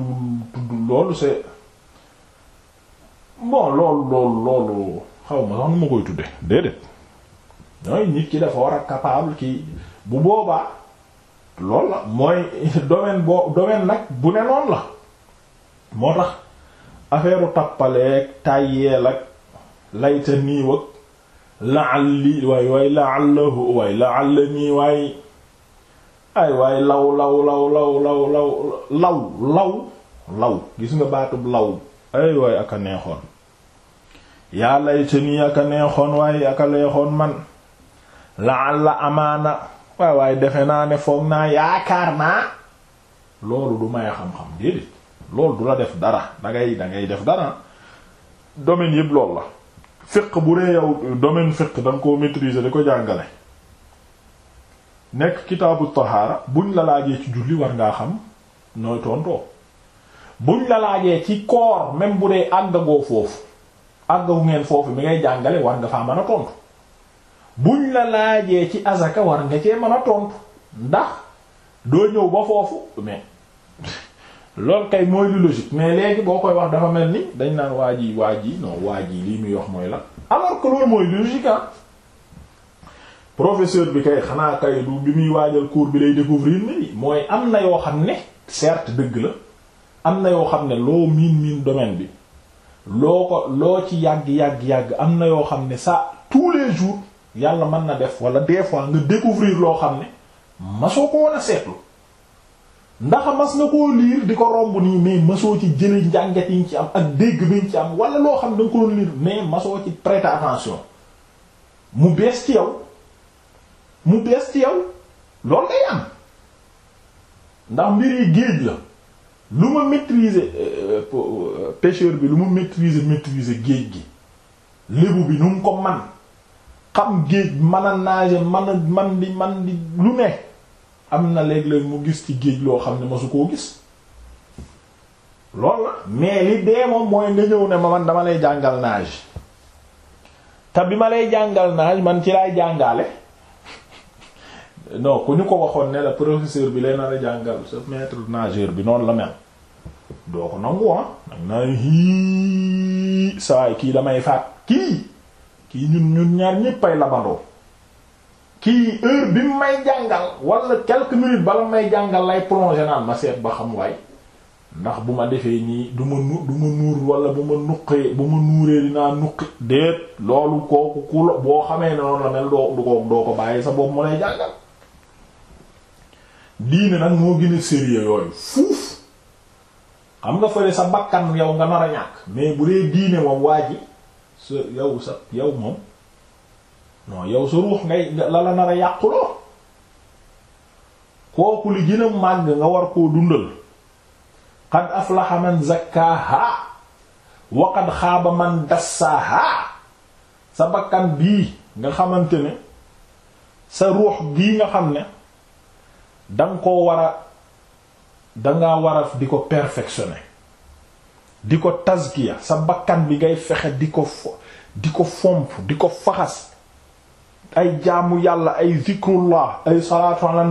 tudd loolu c'est bon loolu loolu loolu xaw ma sax nu ma koy tudde déedéet mooy nit ki dafa war a capable ki bu boobaa loolu la mooy [LAUGHS] domaine boo domaine nag bu ne noonu la moo tax affaire u tappaleeg ak layta niiw ak la'alli waay waay la'allahu waay la'allani waay ay waay law law law law law law law law law gis nga baatub law ay waay aka neexoon yaa laytani aka neexoon waay aka leexoon man la'alla amaana waay waay defe naa ne foog naa yaakaar naa loolu du may xam-xam déedéet loolu du la def dara dangay dangay def dara domaine yépp loolu la fiq bu dee yow domaine fiq da koo maîtriser di ko jàngale nekk kitaabu tahaara buñ la ci julli war ngaa xam nooy tontoo buñ la ci koor même bu dee àggagoo foofu àggagu ngeen foofu mi ngay jàngale war nga faa mën a tontu buñ la laajee ci asaka war nga cee mën a tontu ndax doo ñëw ba foofu mais loolu kay mooy lu logique mais léegi boo koy wax dafa mel ni dañ naan waa ji waa ji non waa ji lii muy wax mooy la alors que loolu mooy lu logique ah. professeur bi kay xanaa kay du bi muy waajal cours bi lay découvrir ni mooy am na yoo xam ne certes dëgg la am na yoo xam ne loo miin miin domaine bi loo ko loo ci yàgg-yàgg-yàgg am na yoo xam ne ça tous les jours yàlla mën na def wala des fois nga découvrir loo xam ne masoo ko woon a seetlu ndax mas nga koo liir di ko romb nii mais masoo ci jële njàngat yi ci am ak dégg biñ ci am wala loo xam da nga ko liir mais masoo ci prêter attention mu bees ci yow mu bees ci yow loolu day am ndax mbir yi géej la lu ma maîtriser euh, euh, pêcheur bi lu ma maîtriser maîtriser géej gi lébu bi nu mu ko man xam géej mën a nager mën a man di man di lu ne am na léeg-léeg mu gis ci géej loo xam ne ma su koo gis loolu la mais li dee moom mooy nga ñëw ne ma man dama lay jàngal nage te bi ma lay jàngal nage man ci laay jàngale non ku ñu ko waxoon ne la professeur bi lay nar a jàngal sa maître nageur bi noonu la mel doo ko nangu ah nag naa hii saa kii damay faat kii kii ñun ñun ñaar ñéppay labandoo kii heure bi mu may jàngal wala quelques minutes bala may jàngal lay plongé naan ma seet ba xam waay ndax bu ma defee nii du ma nu du ma nuur wala bu ma nuqee bu ma nuuree dinaa nuqi déet loolu kooku ku la boo xamee ne la mel doo doo doo ko bàyyi sa bopp mu lay jàngal diine nag moo gën a yooyu fuuf xam nga fële sa bakkan yow nga nar mais bu dee diine moom waa ji sa yow sa yow moom non yow sa ruux ngay la la a yàquloo kooku li gën a màgg nga war koo dundal qad aflaha man zakkaaha wa qad xaaba man dassaaha sa bakkan bii nga xamante ne sa ruux bii nga xam ne danga koo war a danga war di ko perfectionner di ko tazkiya sa bakkan bi ngay fexe di ko fo di ko fomp di ko faxas ay jaamu yàlla ay zikrullah ay salaatu ala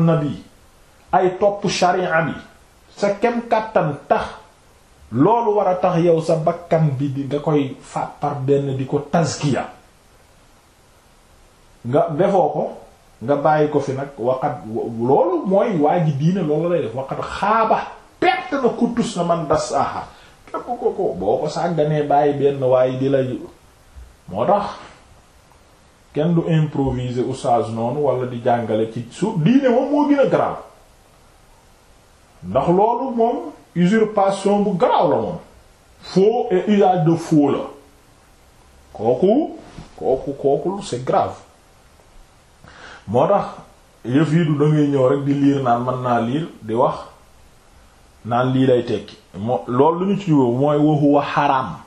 ay topp sharia bi sa kem kàttan tax loolu war a tax yow sa bakkan bi di nga koy faat par di ko tazkiya nga defoo ko nga bàyyi ko fi nag waqat loolu mooy waa ji diine loolu lay def waqat xaaba perte na kuttus na man das aha képp ko ko boo ko sàgganee bàyyi benn waaye di la moo tax kenn du improviser oustaz noonu wala di jàngale ci su diine moom moo gën a ndax loolu moom usurpation bu garaaw la moom faux et usage de faux la kooku kooku kooku c'est grave moo tax yëf yi du da ñëw rek di liir naan mën naa liir di wax naan lii lay tekki moo loolu lu ñu ci woo mooy waxuwa xaraam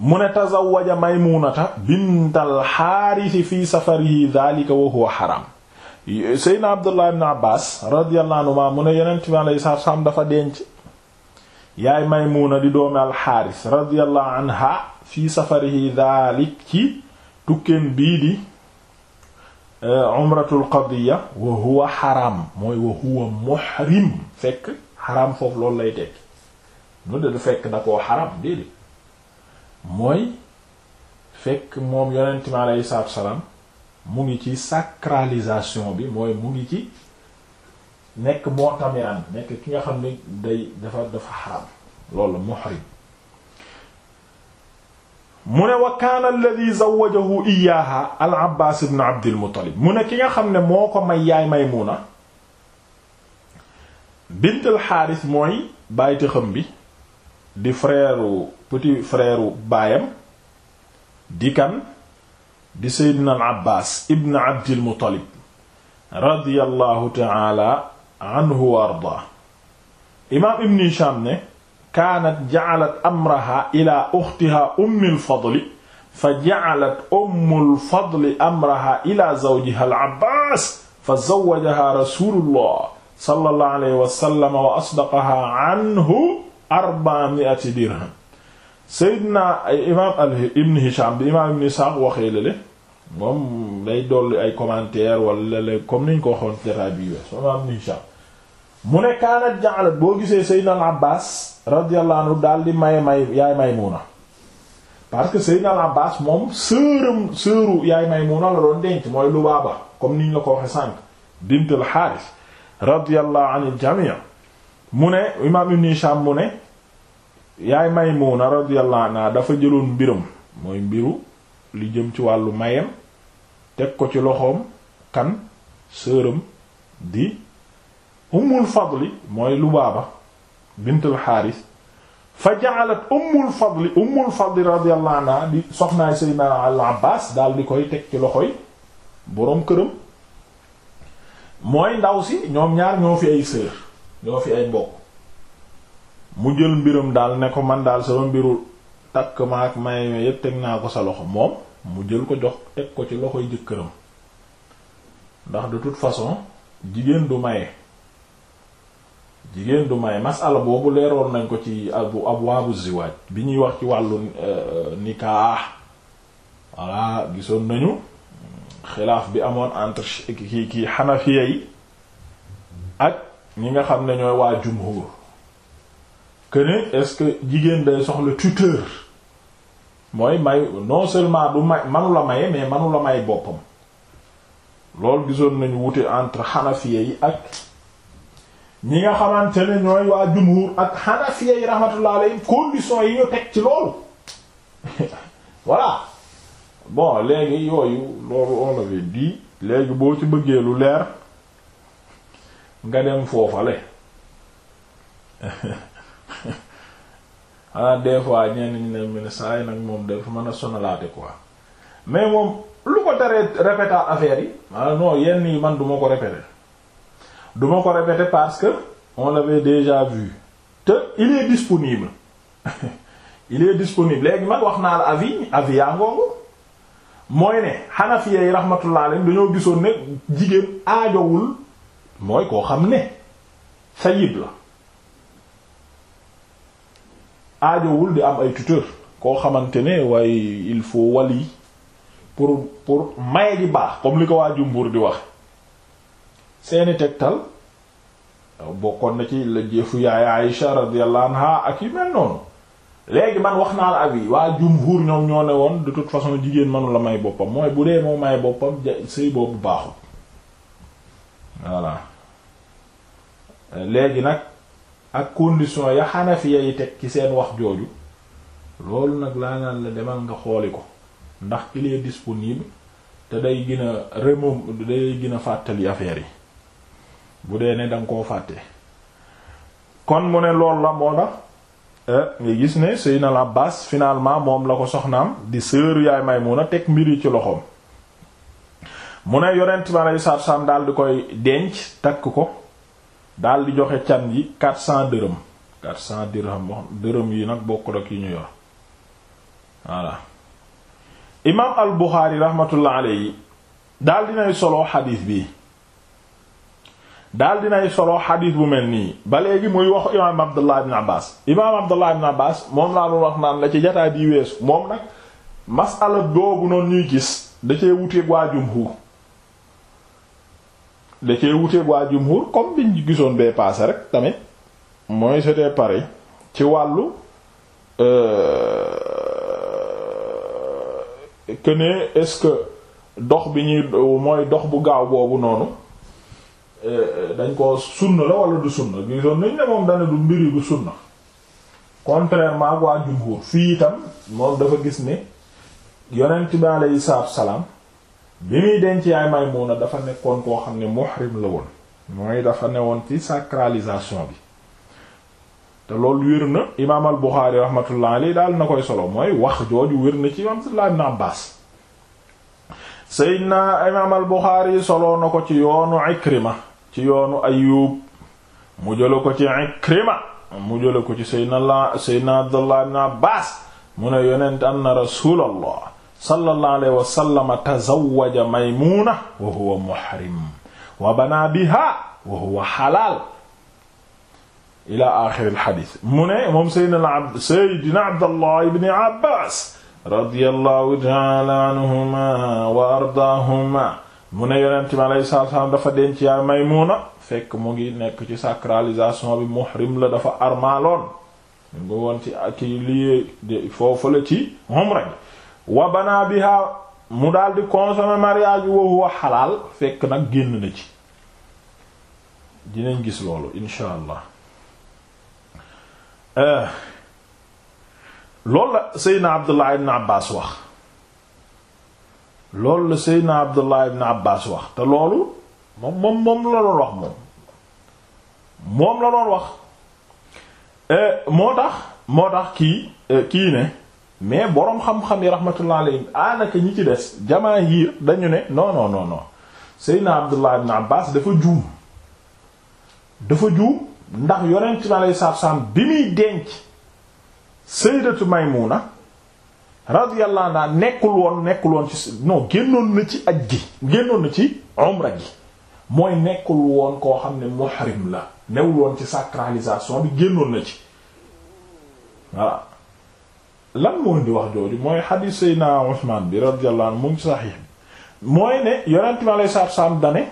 mu ne tazawwaja maymunata bintal xaarisi fi safarihi dhalika wa huwa haram seydna abdullah ibn abbas radiyallahu anhuma mu ne yonent bi alayhi salaatu salaam dafa denc yaay maymuna di doomi alxaaris radiyallahu anha fi safarihi dhalik ci tukkeem bii di eh, umratul qadiya wa huwa haram mooy wa huwa muhrim fekk haram foofu loolu lay tekki nu de du fekk da koo haram déedéet mooy fekk moom yonent mi aleyhi salaatu mu ngi ci sacralisation bi mooy mu ngi ci nekk moo tamiraan nekk ki nga xam ne day dafa dafa xaram loolu mu ne wa kaana alladhi zawwajahu iyaaha al abbaas ibn abdil muttalib mu ne ki nga xam ne moo ko may yaay maymuna bint al xaaris mooy bàyyi xam bi di frère petit frère baayam di kan di seydina al abbaas ibn abdil muttalib radiyallahu taala anhu wa ardaa imaam ibn hisham ne kaanat jacalat amraha ila uxtiha ummil fadli fa jacalat ummul fadli amraha ila zawjiha al abbaas fa zawwajaha rasulullah sallallahu alayhi wa sallam wa asdaqaha anhu arbamiyati dirham Seydina imaam ibn Hisham bi imaam ibn Sa'd waxee lale moom day dolli ay commentaire wala la comme niñ ko waxoon jataay bi wees imaam ibn Hisham mu ne kaanat ja'alat boo gisee Seydina al-Abbas radiyallahu anhu daal di maye may yaay Maymuna parce que Seydina al-Abbas moom sëram sëru yaay Maymuna la doon denc mooy Lubaaba comme niñ la ko waxe sànq bint al-Haaris radiyallahu anil jami' mu ne imaam ibn Hisham mu ne yaay Maymuna radiyallahu anha dafa jëloon mbiram mooy mbiru li jëm ci wàllu mayem teg ko ci loxoom kan sëram di ummul fadli mooy Lubaaba bintul Xaaris fa ja'alat ummul fadli ummul fadli radiyallahu anha di soxnaay Seydina al Abbaas daal di koy teg ci loxoy boroom këram mooy ndaw si ñoom ñaar ñoo fi ay sœur ñoo fi ay mbokk mu jël mbiram daal ne ko man daal sama mbiru takk ma ak may ma yépp teg naa ko sa loxo moom mu jël ko jox teg ko ci loxoy jëkkëram ndax de toute façon jigéen du maye jigéen du maye masala boobu leeroon nañ ko ci ab abu abwaabu ziwaaj bi ñuy wax ci wàllu euh, nikaa voilà gisoon nañu xilaaf bi amoon entre ki ki xanafiya yi ak ñi nga xam ne ñooy waa jumhur que ne ce que jigéen day soxla tuteur mooy may non seulement du may manu la maye mais manu may boppam loolu gisoon nañu wute entre xanafiya yi ak ñi nga xamante ne ñooy waa jumhur ak xanafiya yi rahmatullah alayhi conditions yi ñu teg ci loolu [LAUGHS] voilà bon léegi yooyu loolu on avait dit léegi boo ci bëggee lu leer nga dem foofale [LAUGHS] ah des fois ñenn ñi ne mel saa yi nag moom dafa mën a sonalaate quoi mais moom lu ko teree répéter affaire yi ah non man du ko répéter du ma ko répéter parce que on l'avait déjà vu te il est disponible [LAUGHS] il est disponible léegi man wax naa la avi avis yaa ngoogu mooy ne Hanafiya yi rahmatullah alayhim dañoo gisoon ne jigéen aajowul mooy koo xam ne sayyid la. aajowul di am ay tuteur koo xamante ne waaye il faut wali pour pour maye gi baax comme li ko waa jumbuur di wax seeni tegtal euh, bokkoon na ci la jëfu yaay Aïsha radiyallahu anha ak yi mel noonu léegi man wax naa la ab yi waa jumhuur ñoom ñoo ne woon du toute façon jigéen mënu la may boppam mooy bu dee moo may boppam ja sëy boobu baaxul voilà euh, léegi nag ak condition ya xanafiya yi teg ci seen wax jooju loolu nag laa naan la demal nga xooli ko ndax il est disponible te day gën a day gën a fàttali affaire yi bu dee ne danga koo fàtte kon mu ne loolu la moo tax eh, nga gis ne sëy Seydina Abbas finalement moom la ko soxnaam di sœur yaay Maymuna teg mbir yi ci loxoom mu ne yonent ma lay sarsam daal di koy denc takk ko daal di joxe can yi quatre cent dërëm dërëm yi nag bokk ak yi ñu yor imaam al Buxaari rahmatullah alayhi daal dinay solo xadiis bi daldi dinay solo xadiis bu mel nii ba léegi muy wax imaam Abdullah ibn Abbas imaam Abdullah ibn Abbas moom laa doon wax naan la ci jotaay bii weesu moom nag masala boobu noonu ñuy gis da cee wuteeg waa jumhuur da cee wuteeg waa jumhur comme biñ gisoon bee paase rek tamit mooy c'était pareil ci wàllu euh, que ne est-ce que dox bi ñuy mooy dox bu gaaw boobu noonu euh, dañ ko sunna la wala du sunna gisoon nañ ne moom dana du mbiri du sunna contrairement ak waa fii itam moom dafa gis ni yonent bi aleyhi salaam bi muy denc yaay Maymuna dafa nekkoon koo xam ne muhrim la woon mooy dafa woon ci sacralisation bi te loolu wér na imaam al Buxaari rahmatullah alayhi daal na koy solo mooy wax jooju wér na ci Abdullah ibn Abbas Seydina imaam al Buxaari soloo na ko ci yoonu Ikrima ci yoonu Ayyub mu jëla ko ci Ikrima mu jëla ko ci Seydina la Seydina Abdullah ibn Abbas mu ne yonent anna Rasulallah sallallahu alayhi wa sallam tazawwaja Maymuna wa huwa muhrim wa banaa biha wa huwa xalaal ila axiri alxadis mu ne moom saydna saydina Abdallah ibni Abbas radiyallahu taala anhuma wa ardaahuma mu ne yonent mi alayhi salaatu salaam dafa denc yaay Maymuna fekk mu ngi nekk ci sacralisation bi muhrim la dafa armaaloon ñu ngi woon ci ak lii foofala ci umra wa banaa biha mu daal di consommer mariage bi wa xalaal fekk nag génn na ci dinañ gis loolu insha allah eh, loolu la seydna abdullah ibn abbas wax loolu la seydna abdullah ibn abbas wax te loolu moom moom moom la doon wax moom moom la doon wax eh, moo tax moo tax kii eh, kii ne mais boroom xam-xam yi rahmatullah alayhim aanaka ah, ñi ci des jamaahir dañu ne non non non non Seydina Abdullah ibn dafa juum dafa juum ndax yonent mi alayhi salaatu salaam bi muy denc Sayyidatu Maymuna radiyallahu anha nekkul woon nekkul woon ci non génnoon na ci aj gi génnoon na ci umra gi mooy nekkul woon koo xam ne muhrim la newul woon ci sacralisation bi génnoon na ci voilà lan moo di wax jooju mooy xadiis Seydina Usmaan bi radiyallahu anhu mu ngi saxiix mooy ne yonent mi alayhi salaatu salaam dane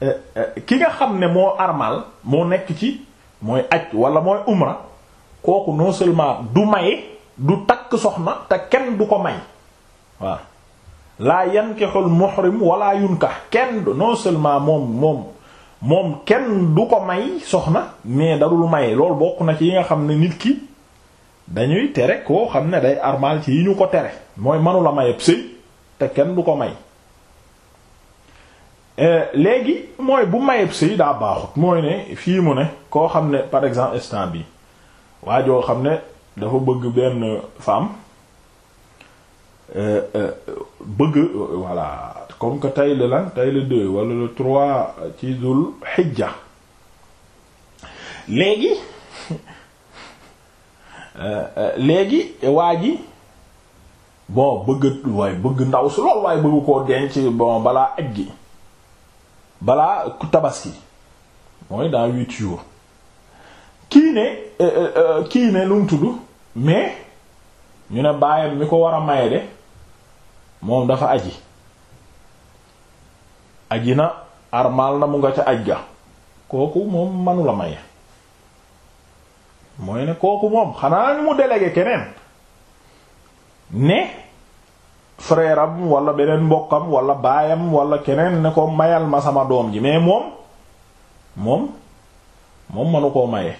eh, eh, ki nga xam ne moo armal moo nekk ci mooy aj wala mooy umra kooku noo seulement du maye du takk soxna te kenn du ko may waaw laa yankixul muhrim wala yunkax kenn noo seulement moom moom moom kenn du ko may soxna mais darul maye loolu bokk na ci yi nga xam ne nit ki dañuy tere koo xam ne day armal ci yi ñu ko tere mooy manula mayeb sëy te kenn du ko may euh, léegi mooy bu mayeb sëy daa baaxut mooy ne fii mu ne koo xam ne par exemple instant bi waa joo xam ne dafa bëgg benn femme euh, euh, bëgg voilà comme que tey la lan tey la deux wala le trois ci dul xijja léegi [LAUGHS] léegi waa ji bon bëgg waaye bëgg ndaw si lool waaye bëgg koo denc bon balaa aj gi balaa tabaski mooy dans huit jours kii ne euh, euh, euh, kii ne lu mu tudd mais ñu ne baayam mi ko war a maye de moom dafa aji aji na armal na mu nga ca aj ga kooku moom manula maye mooy ne kooku moom xanaa ñu mu délégué keneen ne frère am wala beneen mbokkam walla baayam walla keneen ne ko mayal ma sama doom ji mais moom moom moom manu koo maye.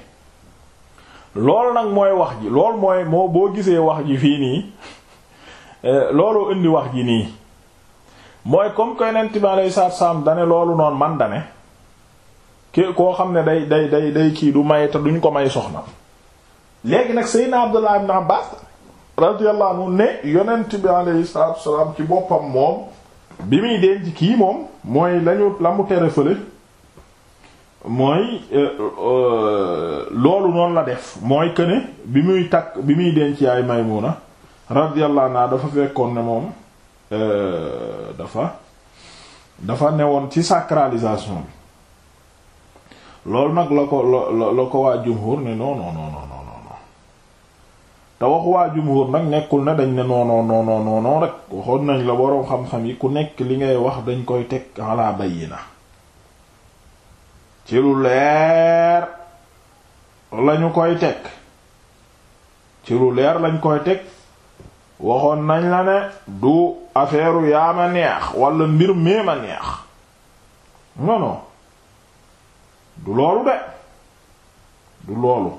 lool nag mooy wax ji loolu mooy boo gisee wax ji fii nii [LAUGHS] eh, looloo indi wax ji nii mooy comme koy nent bi aleyi saatu dane loolu noon man dane ki koo xam ne day day day day kii du may te duñ ko may soxna léegi nag Seydina Abdullah ibn Abbas radiyallahu anhu ne yonent bi alayhi salaatu wasalaam ci boppam moom bi muy denc kii moom mooy lañu la mu tere fële mooy euh, euh, loolu noonu la def mooy que ne bi muy takk bi muy denc yaay Maymuna radiyallahu anha dafa fekkoon ne moom euh, dafa dafa newoon ci sacralisation bi loolu nag la ko la la ko waa jumhur ne non te wax waa jumhur nag nekkul ne dañ ne noonoo noonoo noonoo waxoon nañ la boroom xam-xam yi ku nekk li ngay wax dañ koy teg ala bayina ci lu leer lañu koy leer lañ koy teg waxoon nañ la ne du affaire yaa ma neex walla mbir mee ma neex non du loolu de du loolu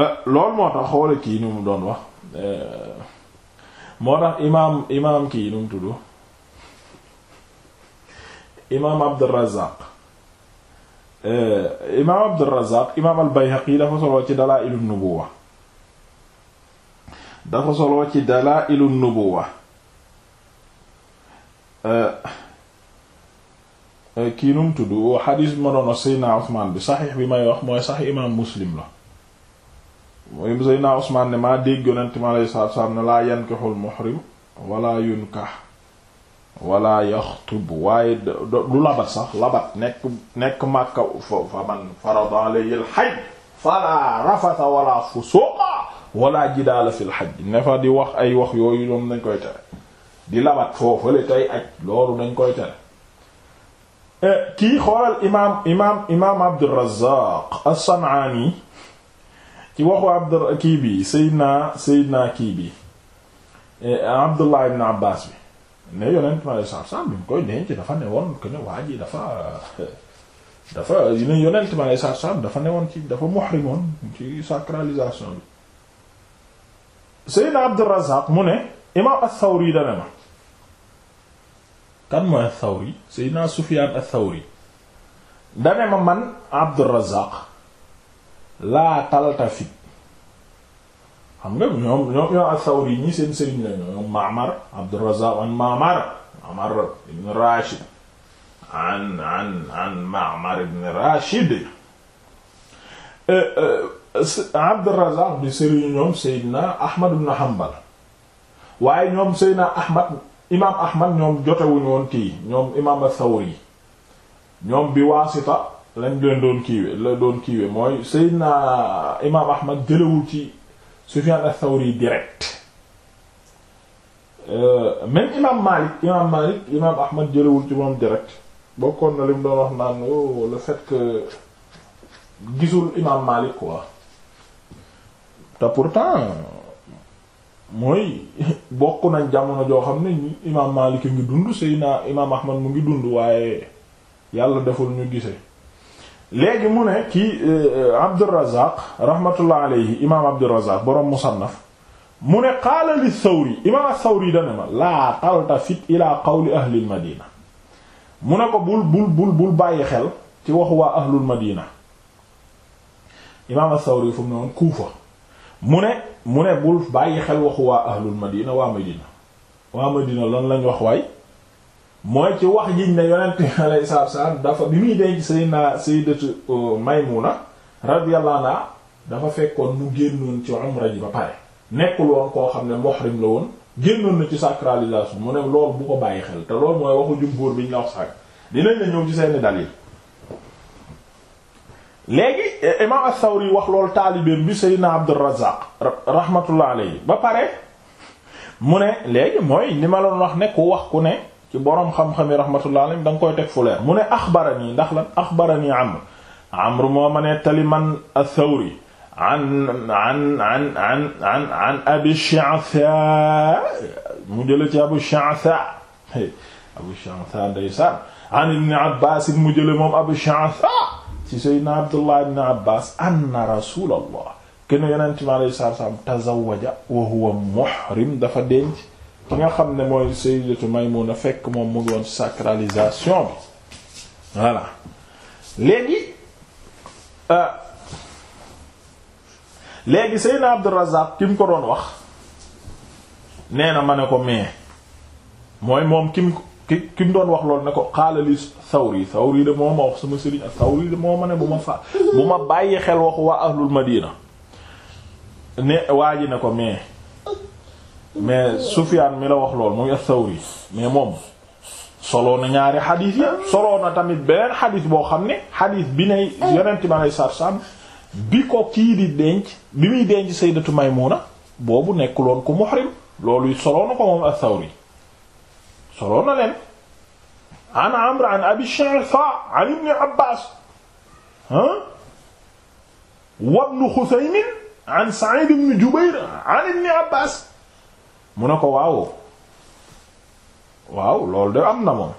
Euh, lool moo tax xoole kii ni doon wax euh, moo tax imaam kii nu mu tudd imaam Abdurrazzaq euh, imaam Abdurrazzaq imaam al-Bayhaqi dafa solo ci Dalaa'il an-Nubuwwa dafa solo ci Dalaa'il an-Nubuwwa kii nu mu tudd xadiis ma doon wax Seydina Usmaan bi saxiix bi may wax mooy sax imaam Muslim la mooy Seydina Usmaan ne maa dégg yonent mi alayhi salaatu salaam ne laa yankihul muhrim wala yunkah wala yaxtub waaye du labat sax labat nekk nekk màkka fa man farada alayhi al hajj fala rafata wala fusuqa wala jidaala fil hajj ne fa di wax ay wax yooyu moom dañ koy tere di labat foofale tey aj loolu dañ koy tere eh, kii xoolal imaam imaam imaam Abdurrazzaq as-San'aani ci waxu abdul kii bi seydina seydina kii bi eh, abdullah ibn abbas bi ne yonent ma lay saab bi mu koy dafa ne woon ko ne waa ji dafa dafa ne yonent ma dafa ne woon ci dafa muhrimoon ci sacralisation bi seydina abdul razaak mu ne imaam ath-thawri dana ma kan mooy ath-thawri seydina sufyaan ath-thawri dana ma man abdul razaak laa taltafit xam nga ñoom ñoom ñoom as-Sawri ñi seen sëriñ la ñoom Ma'mar Ma'mar Ma'mar Rashid an an an Ma'mar ibn Rashid eh, eh, Abdurrazzaq Ahmad ibn Hanbal waaye ñoom Seydina Ahmad imaam Ahmad ñoom jotewuñu woon kii ñoom imaam as-Sawri ñoom bi waasita lañ leen doon kiiwe la doon kiiwe mooy naa Imaam Ahmad jëlawul ci Sufyan ath-Thawri direct euh, même Imaam Malik Imaam Malik Imaam Ahmad jëlawul ci moom direct bokkoon na li mu doon wax naan oh le fait que gisul Imaam Malik quoi te pourtant mooy bokk nañ jamono joo xam ne Imaam Malik ngi dund Seydina Imaam Ahmad mu ngi dund waaye yàlla deful ñu gise léegi mu ne kii euh, Abdurrazzaq rahmatullah alayhi imaam Abdurrazzaq borom musannaf mu ne qaala li Thawri imaam Thawri dana ma laa taltafit ilaa qawli ahlil madina mu ne ko bul bul bul bul bàyyi xel ci waxu waa ahlul madina imaam Thawri fu mu ne woon Kuufa mu ne mu ne bul bàyyi xel waxu waa ahlul madina waa madina waa madina wax waay. mooy ci wax jiñ ne yonente bi [LAUGHS] alayhi salaatu salaam dafa bi muy denc sayna sayyidatu uh, Maymuna radiyallahu anha dafa fekkoon mu génnoon ci umra ji koo xam ne muhrim la woon ci sacralisation mu ne loolu bu ko bàyyi xel te loolu mooy waxu jumbuur bi ñu la wax sànq dinañ la ñëw ci seen dalil léegi eh, imam as-Sawri wax loolu taalibeem bi sayyidina Abdurrazzaq rahmatullah alayhi ba pare mu ne léegi mooy li ma loon wax ne ku wax ku ne ci boroom xam-xam yi rahmatullah alayhi da nga koy teg fu leer mu ne axbarani ndax lan axbarani amr amr moo ma nettali man ath-Thawri an an an an an an Abi Sha'tha mu jële ci Abu Sha'tha Abu Sha'tha ndeysaan an Ibn Abbas mu jële moom Abu Sha'tha ci Sayyidina Abdullah ibn Abbas anna Rasulullah kenn yonent mi alayhi salaam tazawwaja wa huwa muhrim dafa denc ki nga xam ne mooy sayyidatu Maymuna fekk moom mu ngi woon sacralisation bi voilà léegi euh, léegi Seydina Abdourazaq ki mu ko doon wax nee na ma ne ko mais mooy moom ki mu ki ki mu doon wax loolu ne ko xaala li Sawri Sawri de moo ma wax sama sëriñ ak de moo ma ne bu ma fa bu ma bàyyi xel waxu waa ahlul Madina ne waa ji ne ko mais mais Sufyaan mi la wax lool muy as-Sawri mais moom soloo na ñaari xadiis yi soloo na tamit beneen xadiis boo xam ne xadiis bi nay yonent ma sarsam bi ko kii di denc bi muy denc Sayyidatu Maymuna boobu nekkuloon ku muhrim loolu soloo na ko moom as-Sawri leen an Amr an Abi Shu'tha an Ibn Abbas wa ibn Xusaym an Sa'id ibn Jubayr an Ibn Abbas mu ne ko waaw waaw loolu de am na moom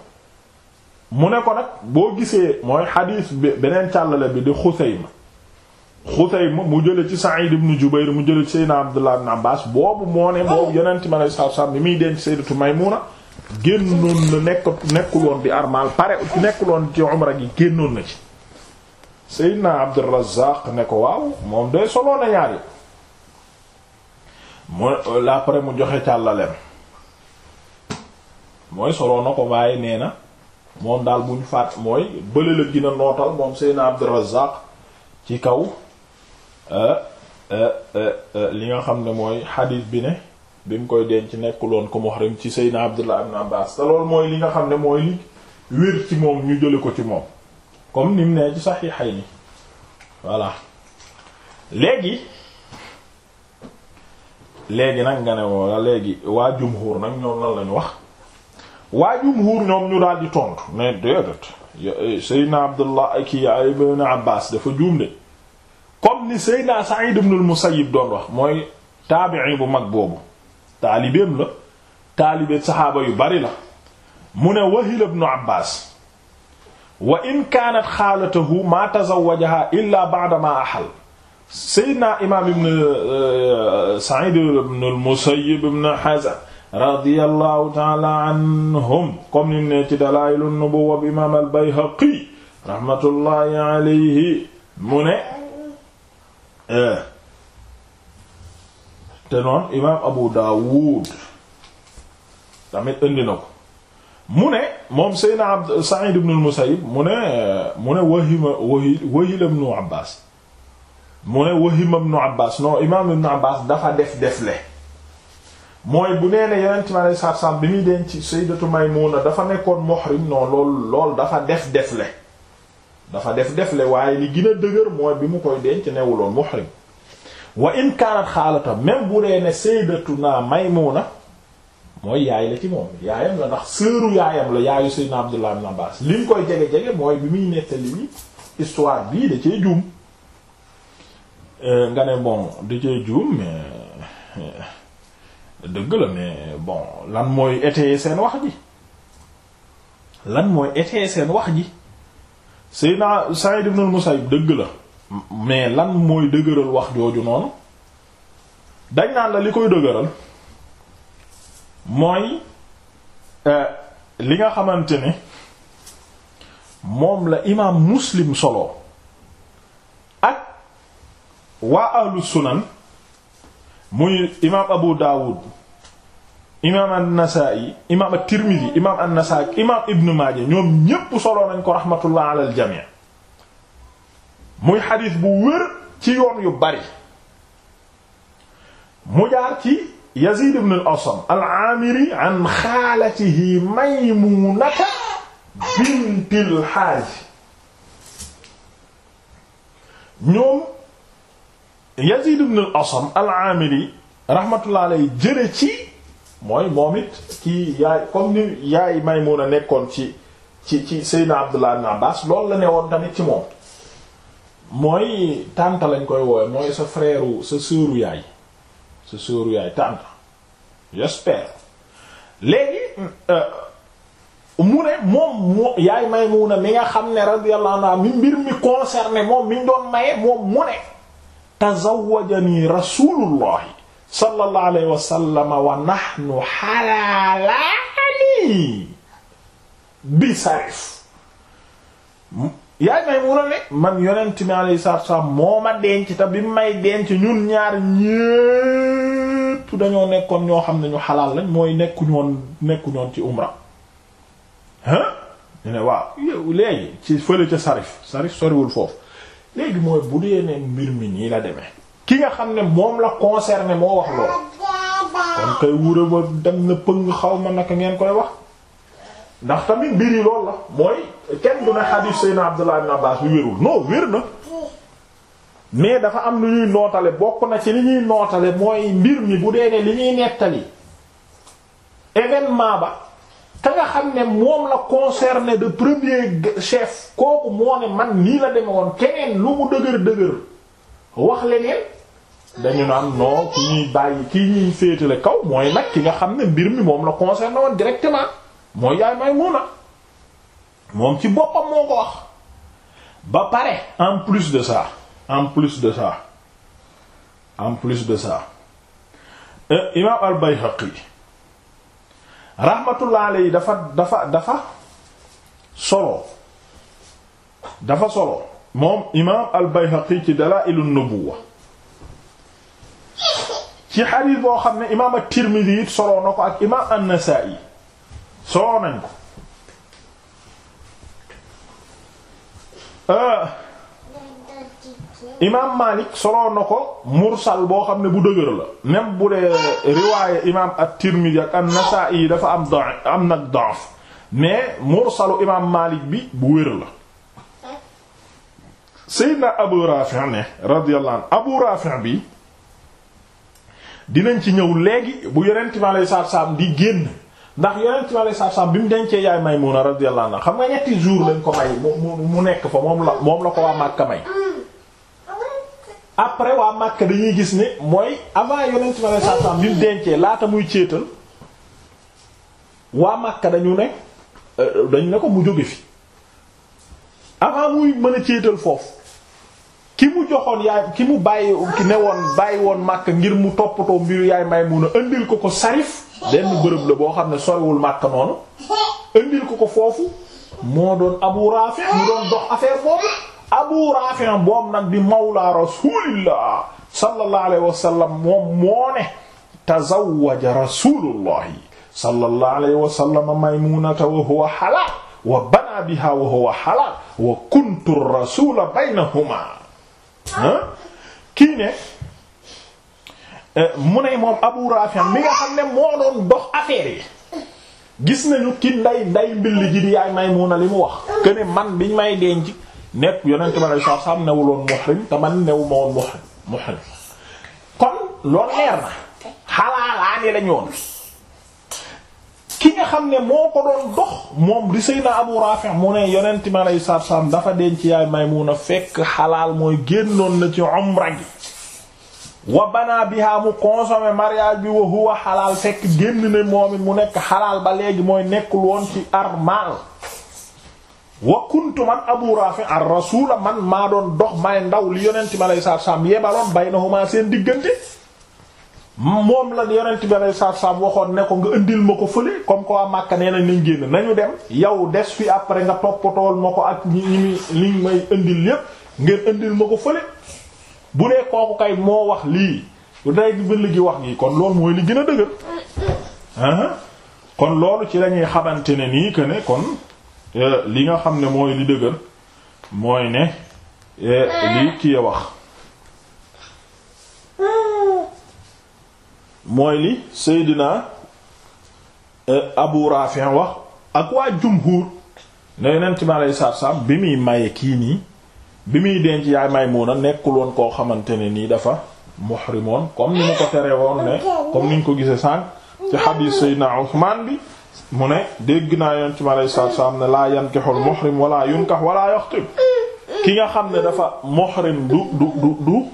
mu ne ko nag boo gisee mooy xadiis bi beneen càllale bi di Xusayma Xusayma mu jële ci Sa'id ibn Jubayr mu jële ci Seydina Abdullah ibn Abbas boobu moo ne boobu oh. yonent mi alayhi salaatu salaam bi muy denc Sayyidatu Maymuna génnoon na nekk nekkuloon di armal pare nekkuloon ci umra gi génnoon na ci Seydina Abdurrazzaq ne ko waaw moom day soloon na ñaari mu après mu joxe càllalem mooy soloo na ko waaye nee na moom daal buñ faat mooy bële la gën a nootal moom Seydina Abdurrazzaq ci kaw euh, euh, euh, li nga xam ne mooy xadiis bi ne bi mu koy denc nekkuloon ko muhrim ci Seydina Abdullah ibn Abbas te loolu mooy li nga xam ne mooy li wér ci moom ñu jële ko ci moom comme nim mu nee ci Sahihayni voilà léegi léegi nag nga ne woola léegi waa jumhuur nag ñoom lan lañu wax waa jumhuur ñoom ñu daal di tontu ne déedéet eh, Seydina Abdullah ki ibn Abbas dafa juum de comme ni Seydina Sa'id ibn al doon wax mooy taabi'i bu mag boobu taalibeem la taalibe saxaaba yu bari la mu ne wahil ibn Abbas wa in kaanat xaalatahu ma tazawwajaha illa ba'da ma ahal Seydina imaam ibn uh, Sa'id ibn al-Musayyib ibn Hazn radiyallahu ta'ala anhum comme ni ne ci Dalaa'il an-Nubuwwa imaam al-Bayhaqi rahmatullahi alayhi mu ne eh, te noon imaam Abu Daawud tamit indi na ko mu ne moom Seydina Sa'id ibn al-Musayyib mu ne mu ne wahima wahila ibn Abbaas mu ne wahima ibnu abbas imaam ibnu abbas dafa def defle mooy bu nee ne yonent mi alei satu salaam bi muy denc sayyidatu maymuna dafa nekkoon muhrim noo lool dafa def defle dafa def defle waaye li gën dëgër mooy bi mu koy denc newuloon muhrim wa in kaanat xaalata même bu dee ne sayyidatuna maymuna mooy yaay la ci moom yaayam la ndax sëru yaayam la yaayu sayyidna abdullah ibn abbas li mu koy jege-jege mooy bi muy nettali histoire bii da cee juum Euh, nga ne bon di cee juum mais euh, dëgg la mais bon lan mooy étayer seen wax ji lan mooy étayer seen wax ji Seydina Saïd ibn al-Musayyib dëgg la mais lan mooy dëgëral wax jooju noonu dañ naan la li koy dëgëral mooy euh, li nga xamante ne moom la imaam Muslim solo waa ahlu sunan muy imaam Abu Dawud imaam an-Nasa'i imaam at-Tirmidhi imaam an-Nasa'i imaam Ibn Maaja ñoom ñépp solo nañ ko rahmatullah ala al-jami' muy xadis bu wér ci yoon yu bari mu jaar ci Yazid ibn al-Asam al-Amiri an xaalatihi Maymunata bintil Haaj ñoom Yazid ibn al-Asam al-Amili rahmatullah jële ci mooy moom it ci yaay comme ni yaay Maymuna nekkoon ci ci ci Seydina Abdullah ibn Abbas loolu la ne woon tamit ci moom mooy tànta lañ koy woowe mooy sa frère sa sœuru yaay sa sœuru yaay tànta j'espère léegi euh, mu ne moom moo yaay Maymuna mi nga xam ne radiyallahu anha mi mbir mi concerné moom mi ñu doon maye moom mu ne tazawwajani rasulullah sallallahu alayhi wa sallam wa nahnu halaalani bi sarif yaay may mun a ne man yonent mi alayhi salaatu moo ma denc te bi may denc ñun ñaar ñépp dañoo nekkoon ñoo xam ne ñu xalaal lañ mooy nekkuñoon nekkuñoon ci umra hein ñu ne waaw yow léegi ci fële ca sarif sarif soriwul foofu léegi mooy bu dee ne mbir mi nii la demee ki nga xam ne moom la concerné moo wax lool kon kay wura ba dem na pëng xaw ma naka ngeen koy wax ndax tamit mbir yi loolu la mooy kenn du ne xadiis Seydina Abdullah ibn Abbas bi wérul non wér na mais dafa am lu ñuy nootale bokk na ci li ñuy nootale mooy mbir mi bu dee ne li ñuy nettali événement ba te nga xam ne moom la concerné de premier chef kooku moo ne man nii la deme woon keneen lu mu dëgër dëgër wax leneen dañu naan non ki ñuy bàyyi ki ñuy féetale kaw mooy nag ki nga xam ne mbir mi moom la concerné woon directement mooy yaay Maymuna moom ci boppam moo ko wax ba pare en plus de ça en plus de ça en plus de ça euh, imam al-Bayhaqi rahmatullah alayhi dafa dafa dafa solo dafa solo moom imaam al-Bayhaqi ci Dalaa'ilun Nubuwwa ci xadiis boo xam ne imaam at-Tirmidhi it solo na ko ak imaam an-Nasaa'i solo nañ ko euh, imaam Malik soloon na ko mursal boo xam ne bu dëgër la même bu dee riwaaye imaam at-Tirmidhi ak an-Nasa'i dafa am da'if am nag da'if mais mursalu imaam Malik bi bu wér la Seydina Abu Rafi' ne radiyallahu anhu Abu Rafi' bi dinañ ci ñëw léegi bu yonent mi alayhi salaatu salaam di génn ndax yonent mi alayhi salaatu salaam bi mu dencee yaay Maymuna radiyallahu anha xam nga ñetti jour lañ ko may mu nekk fa moom la moom la ko waa Makka may après waa Makka dañuy gis ni mooy avant yonent bi alayhi salaatu salaam bi dencee laata muy céetal waa Makka dañu ne euh, dañ ne ko mu jóge fi avant muy mën a céetal foofu ki mu joxoon yaay ki mu bàyyi ki ne woon bàyyi woon Makka ngir mu toppatoo mbiru yaay Maymuna indil ko ko Sarif benn bërëb la boo xam ne solewul Makka noonu indil ko ko foofu moo doon Abu Rafi mu doon dox affaire boobu abu raafi' boobu nag di mawla rasulillah sallallahu alayhi wa sallam moom moo ne tazawwaja rasulullahi sallallahu alayhi wa sallam maymunata wa huwa halal wa bana biha wa halal wa kuntu rasula baynahuma kii eh, mu ne moom abu raafi' mi nga xam ne moo dox affaire yi gis nañu ki nday nday mbill ji di yaay maymuna li mu wax man biñ may denc nekk yonent ma lay sax saam newuloon muhrim te man newu ma woon muhrim kon loolu leer na xalaalaani lañu woon ki nga xam ne moo ko doon dox moom di Abu Rafi mu ne yonent ma lay sax saam dafa denc yaay Maymuna fekk xalaal mooy génnoon na ci umra gi wa banaa biha mu consommé bi wa huwa xalaal fekk génn ne moom mu nekk xalaal ba léegi mooy nekkul woon ci armal wa kuntu man abu rafi ar man maa doon dox may ndaw li yonent bi aleyhi salaatu salaam yebaloon baynahuma seen diggante moom la yonent bi aleyhi salaatu salaam waxoon ne ko nga indil ma ko fële comme ko waa Màkka nee nañ nañ génn dem yow des fi après nga toppatool ma ko ak ñi ñi liñ may indil yépp ngeen indil ma ko fële bu dee kooku kay moo wax lii lu day bëll gi wax gi kon loolu mooy li gën dëgër [COUGHS] kon loolu ci lañuy xamante ne nii que ne kon Euh, li nga xam ne mooy li dëgër mooy ne euh, li kii wax mooy li Seydina euh, Abu Rafi wax ak waa jumhur ne ci mi alayhi salaatu salaam bi muy maye kii nii bi muy denc yaay a nekkul woon koo xamante ne nii dafa muhrimoon comme ni mu ko tere woon ne comme niñ ko gisee sànq ci xadiis Seydina Usmaan bi mu ne dégg naa yoon ci ma lay saar saam ne laa yankixul muhrim wala yunkax wala yaxtib ki nga xam ne dafa muhrim du du du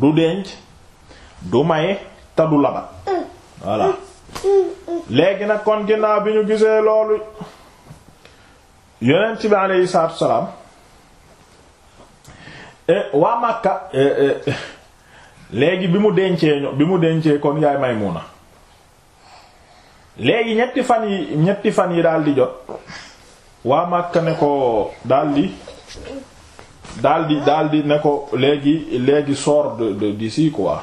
du denc du maye te du labat voilà léegi nag kon ginnaaw bi ñu gisee loolu yonent bi aleyhi salaatu salaam eh, waa Makka eh, eh, léegi bi mu dencee bi mu dencee kon yaay Maymuna léegi ñetti fan yi ñetti fan yi daal di jot waa Makka ne ko daldi daldi daal ne ko léegi léegi sort de de d'ici quoi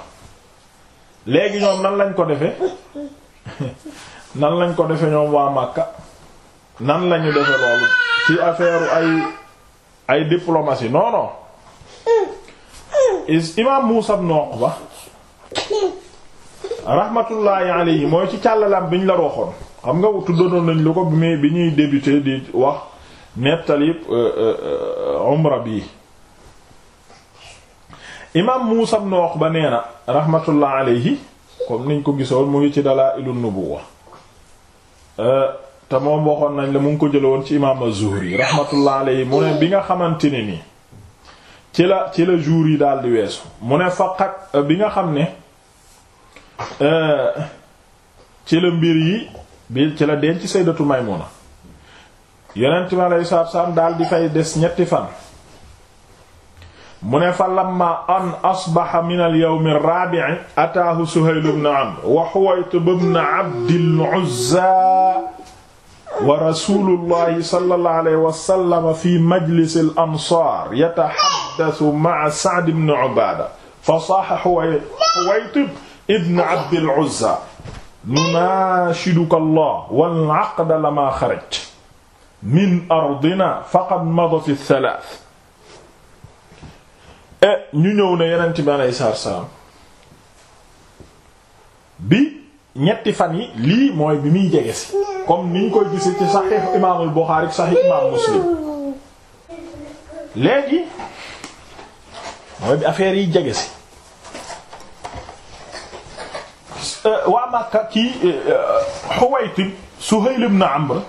léegi ñoom nan lañ ko defe [LAUGHS] nan lañ ko defe ñoom waa Makka nan lañu defe loolu ci affaire ay ay diplomatie non non is imaam Muusa ibn Uqba rahmatullahi alayhi mooy ci càllalam bi ñu la waxoon xam nga tuddoonoon nañ lu ko mais bi ñuy débuter di wax nettali euh, euh, euh, umra bi imaam Muusa ibn Uqba nee na rahmatullah alayhi comme niñ ko gisoon mu ci Dalaa'ilun Nubuwwa te moom nañ la mu ko jële woon ci imaam az-Zuhri rahmatullah alayhi mu ne bi nga xamante ne nii ci la ci la jour yi daal di weesu mu ne faqat bi nga xam ne Euh, ci la mbir yi bi ci la denc sayyidatu Maymuna yonent mi alayhi salaatu salaam daal di fay des ñetti fan mu ne fa lamma an asbaha min al-yawm ar-rabi' ataahu Suhayl ibn Amr wa Huwaytib ibn Abd al-Uzza wa rasuulullahi sallallahu fi majlis al-ansaar yatahaddathu ma'a Sa'd ibn fa saaha Huwaytib ibn Abdil Uzza nunaashiduka Allah wal aqda lama xaraj min ardina faqad madat ath-thalath e eh, ñu ñëw ne yonent bi alayhi bi ñetti fan yi lii mooy bi muy jege si comme koy gise ci saxiix imaamul Buxaari ak saxiix imaam Muslim léegi mooy bi affaire yi jege si Euh, waa Makka ki euh, Xuwaytib Suhayl ibn Amr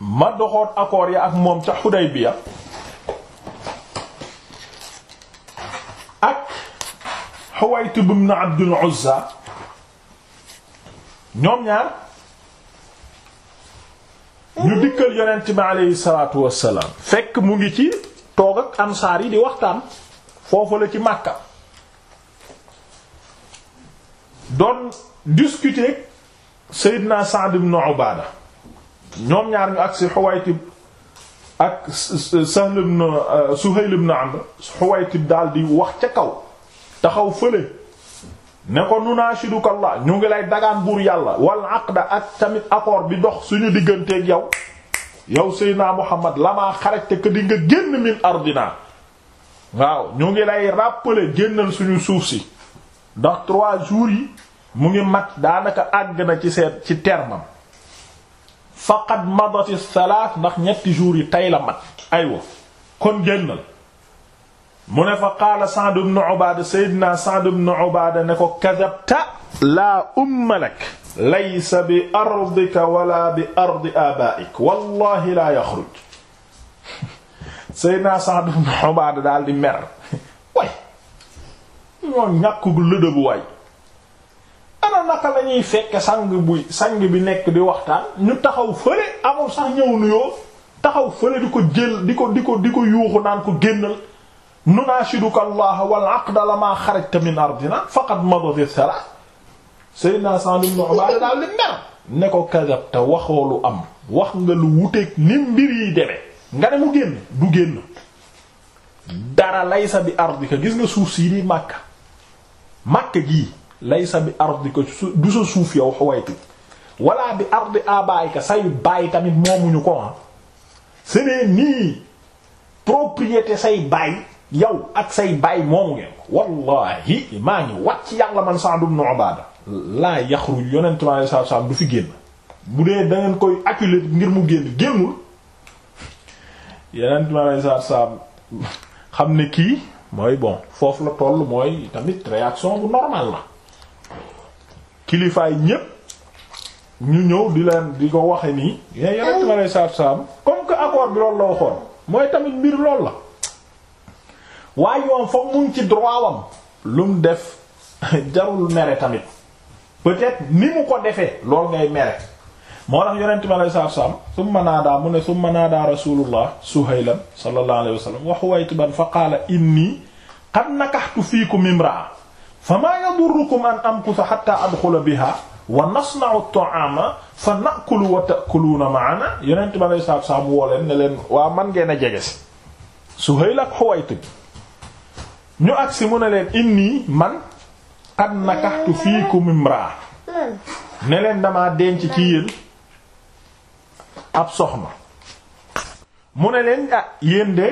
ma doxoon accord ya ak moom ca Xudaybiya ak Xuwaytib ibn Abdul Uzza ñoom ñaar ñu dikkal yonent bi aleyhi salaatu wassalaam fekk mu ngi ci toog ak ansaar yi di waxtaan foofu la ci Makka doon discuter Seydina Sa'd ibn Ubaada ñoom ñaar ñu ak si Xuwaytib ak Sahl ibn euh, Suhayl ibn Amr Xuwaytib daal di wax ca kaw taxaw fële ne ko nunaashiduka Allah ñu ngi lay dagaan buur yàlla wal aqda ak tamit accord bi dox suñu digganteeg yow yow Seydina Muhammad lamaa xarajta que di nga génn min ardina waaw ñu ngi lay rappeler génnal suñu suuf si ndax trois jours yi mu ngi mat daanaka àgg na ci seet ci termam faqad madati salaas ndax ñetti jours yi tey la mat aywa kon génnal mu ne fa qaala Sa'd ibn Ubaada sayyidina Sa'd ibn Ubaada ne ko kadabta laa umma lak laysa bi ardika wala bi ardi abaa'ik wallahi laa yaxruj sayyidina [LAUGHS] Sa'd ibn Ubaada daal di mer [LAUGHS] way ñoo ñàkk lëdëbu waay ana naka lañuy ñuy fekke sang buy sang bi nekk di waxtaan ñu taxaw fële amul sax ñëw nuyoo taxaw fële di ko jël di ko di ko di ko yuuxu naan ko génnal nunaashiduka allah wal aqda lama xarajta min ardina faqad madadi salat sayyidina Sa'd ibn Ubaada daal di mer ne ko kadabta waxoo lu am wax nga lu wuteeg ni mbir yi demee nga ne mu génn du génn dara laysa bi ardika gis nga suuf yi di Makka Makka gi laysa bi ardika du sa suuf yow Xuwaytib wala bi ardi abayka say baay tamit moomuñu ko ah ce n'est propriété say baay yow ak say baay moomu ngeen ko wallahi maa ngi wat ci yàlla man Sa'd ibn Ubaada laa yaxruj yonentu Yàlla sallallahu alayhi du fi génn bu dee da ngeen koy acculer ngir mu génn génnul yonentu Yàlla sallallahu alayhi xam ne kii mooy bon foofu la toll mooy tamit réaction bu normal la kilifaay ñépp ñu ñëw di leen di ko waxe nii yay yenent ma lay saatu salam comme que accord bi loolu la waxoon mooy tamit mbir lool la waaye yoon foog mu ci droit wam lu mu def [LAUGHS] jarul mere tamit peut-être ni mu ko defee lool ngay mere moo tax yonent ma alayhi salaatu wa salaam summa naadaa mu ne summa naadaa rasulullah suhaylan sallallahu alayhi wa sallam fa qaala inni qad nakaxtu fiikum imra'a famaa yadurrukum an amkusa hatta adxula biha wa nasna'u at-ta'ama fa na'kulu wa ta'kuluna ma'ana yonent bi alayhi salaatu wa salaam woo leen ne waa man ngeen a jege si Suhayl ñu agsi mu ne leen inni man qad nakaxtu fiikum imra'a ne damaa denc ci yéen ab soxna mu ne leen ah yéen de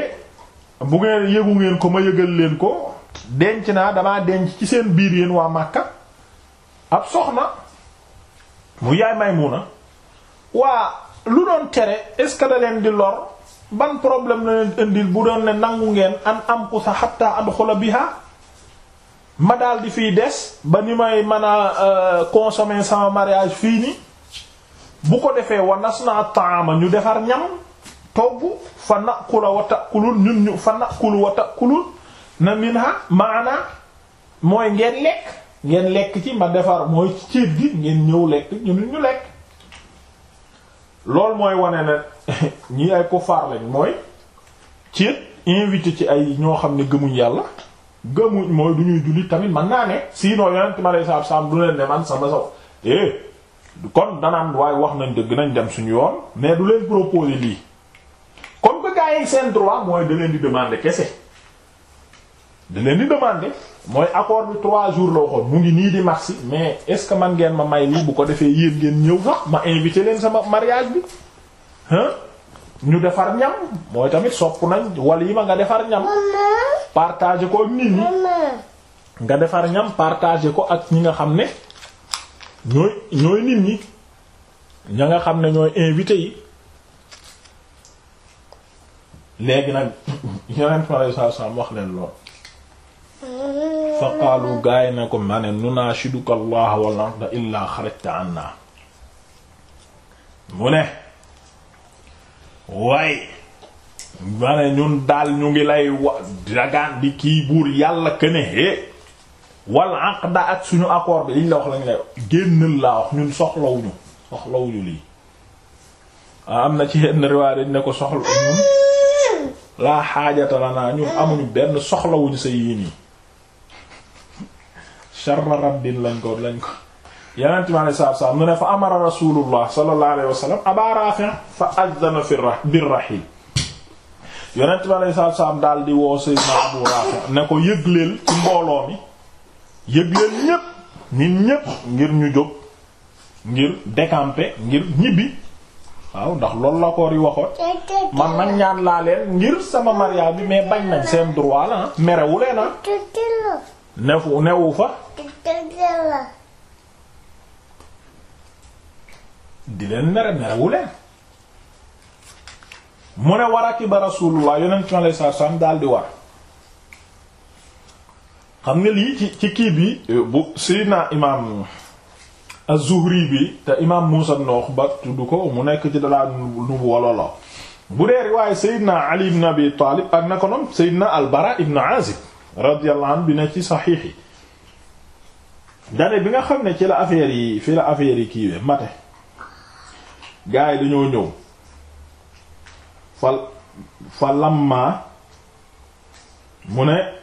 bu ngeen yëgu ngeen ko ma yëgal leen ko denc naa damaa denc ci seen biir yéen waa Makka ab soxna mu yaay Maymuna waa lu doon tere est-ce que da leen di lor ban problème la leen indil bu doon ne nangu ngeen an am ku sa hatta adxula biha ma daal di fiy des ba ni may mën a euh, consommer sama mariage fii nii bu ko defee naa nasna taama ñu defar ñam togg fa naqula wa takulun ñun ñu fa naqulu wa takulun na minha maana mooy ngeen lekk ngeen lekk ci ma defar mooy ci gi ngeen ñëw lekk ñun ñu lekk loolu mooy wane na [LAUGHS] ñi ay kufaar lañ mooy ceeb invité ci ay ñoo xam ne gëmuñ yàlla gëmuñ mooy du ñuy julli tamit man naa ne sinon yonent ma lay saab saab du leen ne man sama saw eh kon danaan waaye wax nañ dëgg nañ dem suñu yoon mais du leen proposer lii comme que gars yi seen droit mooy da di demander kese da leen di demander mooy accord bi trois jours la waxoon mu ngi nii di marché mais est-ce que man ngeen ma may lii bu ko defee yéen ngeen ñëw sax ma invité leen sama mariage bi hein ñu defar ñam mooy tamit sopp nañ wala yi ma nga defar ñam partager ko ak nit ñi nga defar ñam partager ko ak ñi nga xam ne ñooy ñooy nit ñi ña nga xam ne ñooy invité yi léegi nag yeneen fale saa saa wax leen lool fa qaalu gaay na ko ma ne nunaashiduka allah wal arda illaa xarajta anna mu ne waaye ma ñun daal ñu ngi lay wa dagaan di kii buur yàlla këne hee eh, wal aqda ak suñu accord bi liñ la wax lañ lay génnal laa wax ñun soxlawuñu soxlawuñu lii ah, am na ci riwaay dañ ne ko soxla ñun amuñu benn soxlawuñu sa yii nii sharra rabbin lañ ko lañ ko yeneen mi alei satu nu ne fa amara rasulullah sallallahu alayhi wa sallam aba fa addana fi birrahil yonent mi alei satu salaam daal di woo sayyidina abu rafi ne ko yëgleel ci mbooloo mi yëg leen ñépp nit ñépp ngir ñu jóg ngir décamper ngir ñibbi waaw ndax loolu la koor yi man nag ñaan laa leen ngir sama mariage bi mais bañ nañ seen droit la merewu leen ah nefu fa di leen mere merewu leen mu ne war aki ba rasulullah yonent mi sallallahu alayhi wasallam daal di war xam nga lii ci ci kii bi euh, bu Seydina imaam az-Zuhri bi te imaam Muusa ibn Uqba tudd ko mu nekk ci dalaa nubu wala la bu dee riwaaye Seydina Ali ibn Abi Taalib ak naka noonu Seydina al-Bara ibn Aazib radiyallahu anhu bi ne ci saxiix dane bi nga xam ne ci la affaire yi fi la affaire yi kiiwee mate gars yi dañoo ñëw fa fa lamma mu ne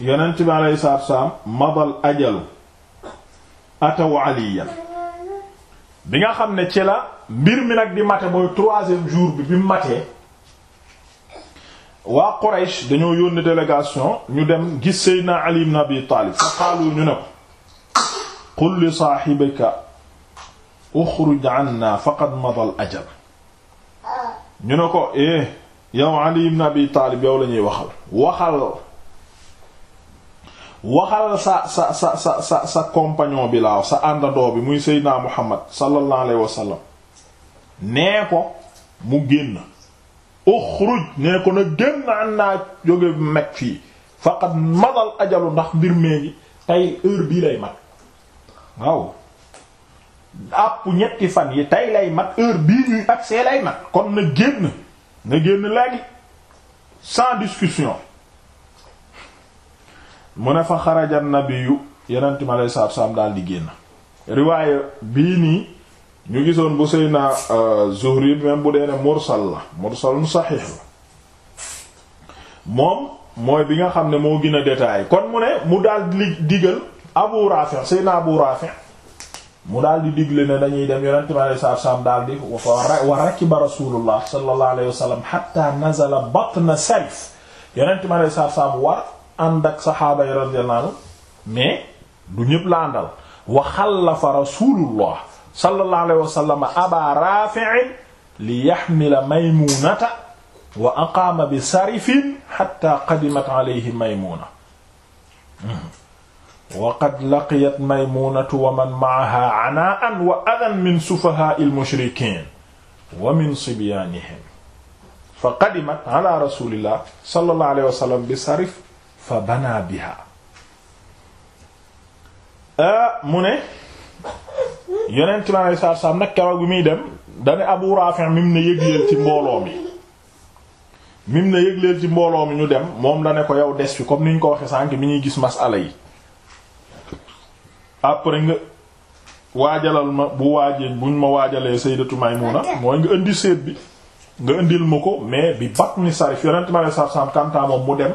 yonent bi alayhi salaatu wasalaam madal ajalu ataw aliyan bi nga xam ne ci la mbir mi nag bi mate mooy troisième jour bi bi matee waa Quraysh dañoo yónni délégation ñu dem gis Seydina Ali ibn Abi Taalib fa qaalu ñu ne ko qul li saahibika uxruj anna faqad madal ajal ñu ne ko eh yow Ali ibn Abi Taalib yow la waxal waxal sa sa sa sa sa sa compagnon bi sa àndandoo bi muy seydinaa muhammad sallallahu alayhi wa sallam nee ko mu génn uxruj nee ko na génn an naa jóge meg fii faqad madal ajalu ndax mbir mee ngi tey heure bii lay mat waaw àpp ñetti fan yi tey lay mat heure bii ñuy agsee lay mat kon na génn na génn léegi sans discussion mu ne fa xaraja nabiyu yeneen mi aleyhi salaatu salaam daal di génn riwaaya bii nii ñu gisoon bu seyna euh, Zuhri même bu dee ne mursal la mursalun saxiix la moom mooy bi nga xam ne moo gën a détaillé kon mu ne mu daal di digal Abu Rafi seyna Abu Rafi mu daal di digle ne dañuy dem yonent mi aleyhi salaatu salaam daal di wa rakiba Rasulullah sallallahu alayhi wa sallam hatta nazala batna Salif yonent mi aleyhi salaatu war ànd ak saxaaba yi radiyallahu anhu mais du ñëpp la àndal wa xallafa rasulullah sallallahu alayhi wa sallam aba rafi'in li yaxmila maymuunata wa aqaama bi sarifin xatta qadimat alayhi maymuna waqad laqiyat maymunatu wa man maaha anaan wa adan min sufahaa almushrikin wa min sibyaanihim fa qadimat ala rasulillah sallallahu alayhi wa sallam bi sarif fa banaa biha euh, mu ne yeneen bi alei satu salaam nag keroog bi muy dem dane Abu Rafi mim ne yëgleel ci mbooloo mi mim ne yëgleel ci mbooloo mi ñu dem moom dane ko yow des fi comme ni ñu ko waxee sànk mi ñuy gis masala yi après nga waajalal ma bu waajee buñ ma waajalee Sayyidatu Maymuna mooy nga indi seet bi nga indil ma ko mais bi bat ni sarif yonent bi alei satu salaam moom mu dem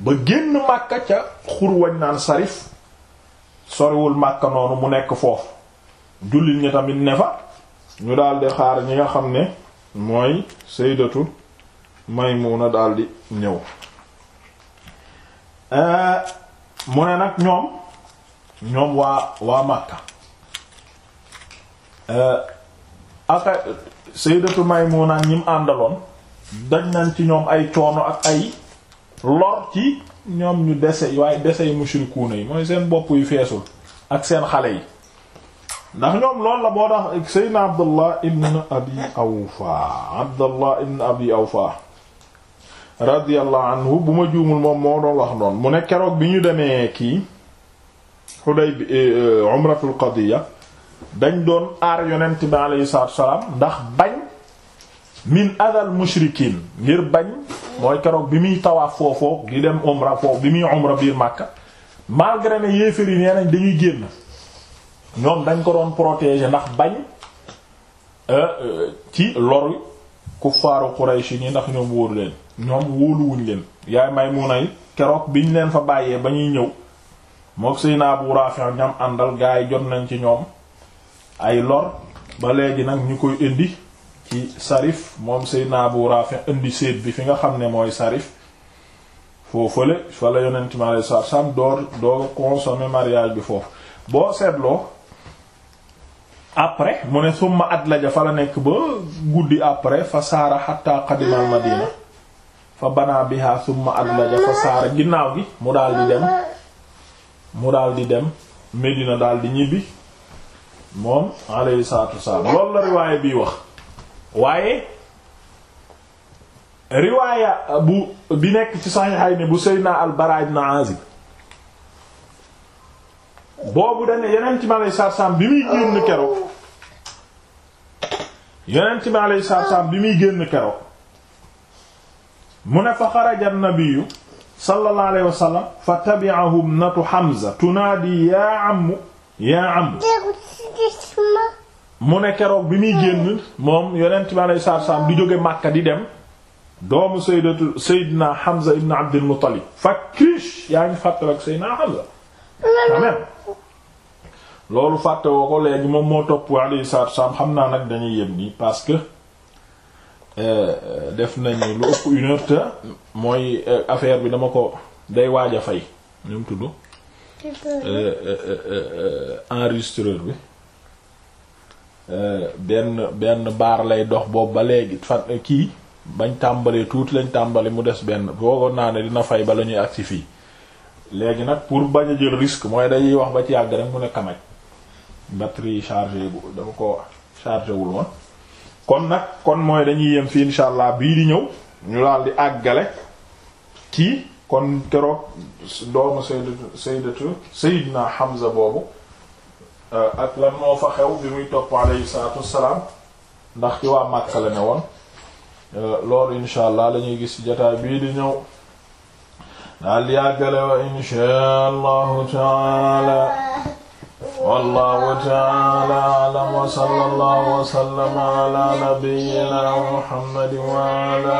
ba génn màkka ca xur wañ naan sarif soriwul màkka noonu mu nekk foofu jullit ñi tamit ne fa ñu daldi xaar ñi nga xam ne mooy sayyidatu Maymuna daldi ñëw mu ne nag ñoom ñoom waa waa màkka aka sayyidatu Maymuna ñim àndaloon daj nañ ci ñoom ay coono ak ay lor ci ñoom ñu dese waaye dese yi mushrikuuna yi mooy seen bopp yu feesul ak seen xale yi ndax ñoom loolu la boo tax Seydina Abdallah ibn Abi ibn Abi Awfa radiyallahu anhu bu ma juumul moom moo doon wax noonu mu ne keroog bi ñu demee kii xuday bi eh, eh, umratul qadiya dañ doon aar yonent bi alayhi salaatu wa salaam ndax bañ min adal mushrikiin ngir bañ mooy keroog bi muy tawaaf foofoo di dem umra foofu bi muy umra biir Makka malgré ne yéefar yi nee dañuy génn ñoom dañ ko doon protéger ndax bañ euh, euh, ci lor kuffaaru Quraysh ñi ndax ñoom wóoru leen ñoom wóoluwuñ leen yaay Maymuna yi keroog ñu leen fa bàyyee ba ñuy ñëw mook naa Abu Rafi ñam àndal gaa yi jot nañ ci ñoom ay lor ba léegi nag ñu koy indi ci sarif moom Seydina Abu Rafi indi séet bi fi nga xam ne mooy sarif foofale fa la yonent mi alei satu salaam door doo consommer mariage bi foofu boo seetloo après mu ne summa at laja fa la nekk ba guddi après fa saara xatta qadimal madina fa banaa biha summa at laja fa saara ginnaaw gi mu daal di dem mu daal di dem Medina daal di ñibbi moom alayhi salatu wasalaam loolu la riwaaye bi wax waaye riwaaya bu bi nekk ci saxiixayni bu Seydina al-Baraa ibn Aazib boobu dane yeneen ci mi alei satu salaam bi muy génn keroog yeneen ci mi alei satu salaam bi muy génn keroog mu ne fa xaraja an-nabiyyu sallallahu alayhi wa sallam fa tabi'ahu ibnatu tunaadi yaa ammu yaa ammu mu ne keroog bi muy génn moom yonent bi alayhi salaatu salaam di jóge Makka di dem doomu sayyidatu Seydina Hamza ibn Abdul Muttalib fakkish yaa ngi fàttali ak Seydina Hamza loolu fàtte woo ko léegi moom moo topp alayhi salaatu salaam xam naa nag dañuy yem nii parce que euh, euh, def nañu lu ëpp une mooy euh, affaire bi dama ko day waaj a fay ñu mu tudd bi Euh, benn benn baar lay dox boobu ba léegi fan euh, kii bañ tàmbalee tuuti lañ tàmbali mu des benn boogoon naa ne dina fay ba la ñuy agsi fii léegi nag pour bañ a jël risque mooy dañuy wax ba ci àgg rek mu ne kamaj batterie chargé bu dafa ko chargé wul kon nag kon mooy dañuy yem fii insha allah bii di ñëw ñu daal di àggale kii kon keroog doomu sayyidatu sayyidatu sayyidna Hamza boobu Euh, ak lan moo fa xew bi muy topp alayhi salaatu wassalaam ndax ci waa Màkka la ne woon euh, loolu insha allah lañuy gis ci jotaay bii di ñëw daal di yàggale wa insha allahu taala wallahu taala a'lam wa sallallahu wa sallama ala nabiyyina muhammadin wa ala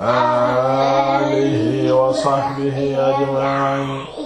alihi wa sahbihi ajma'in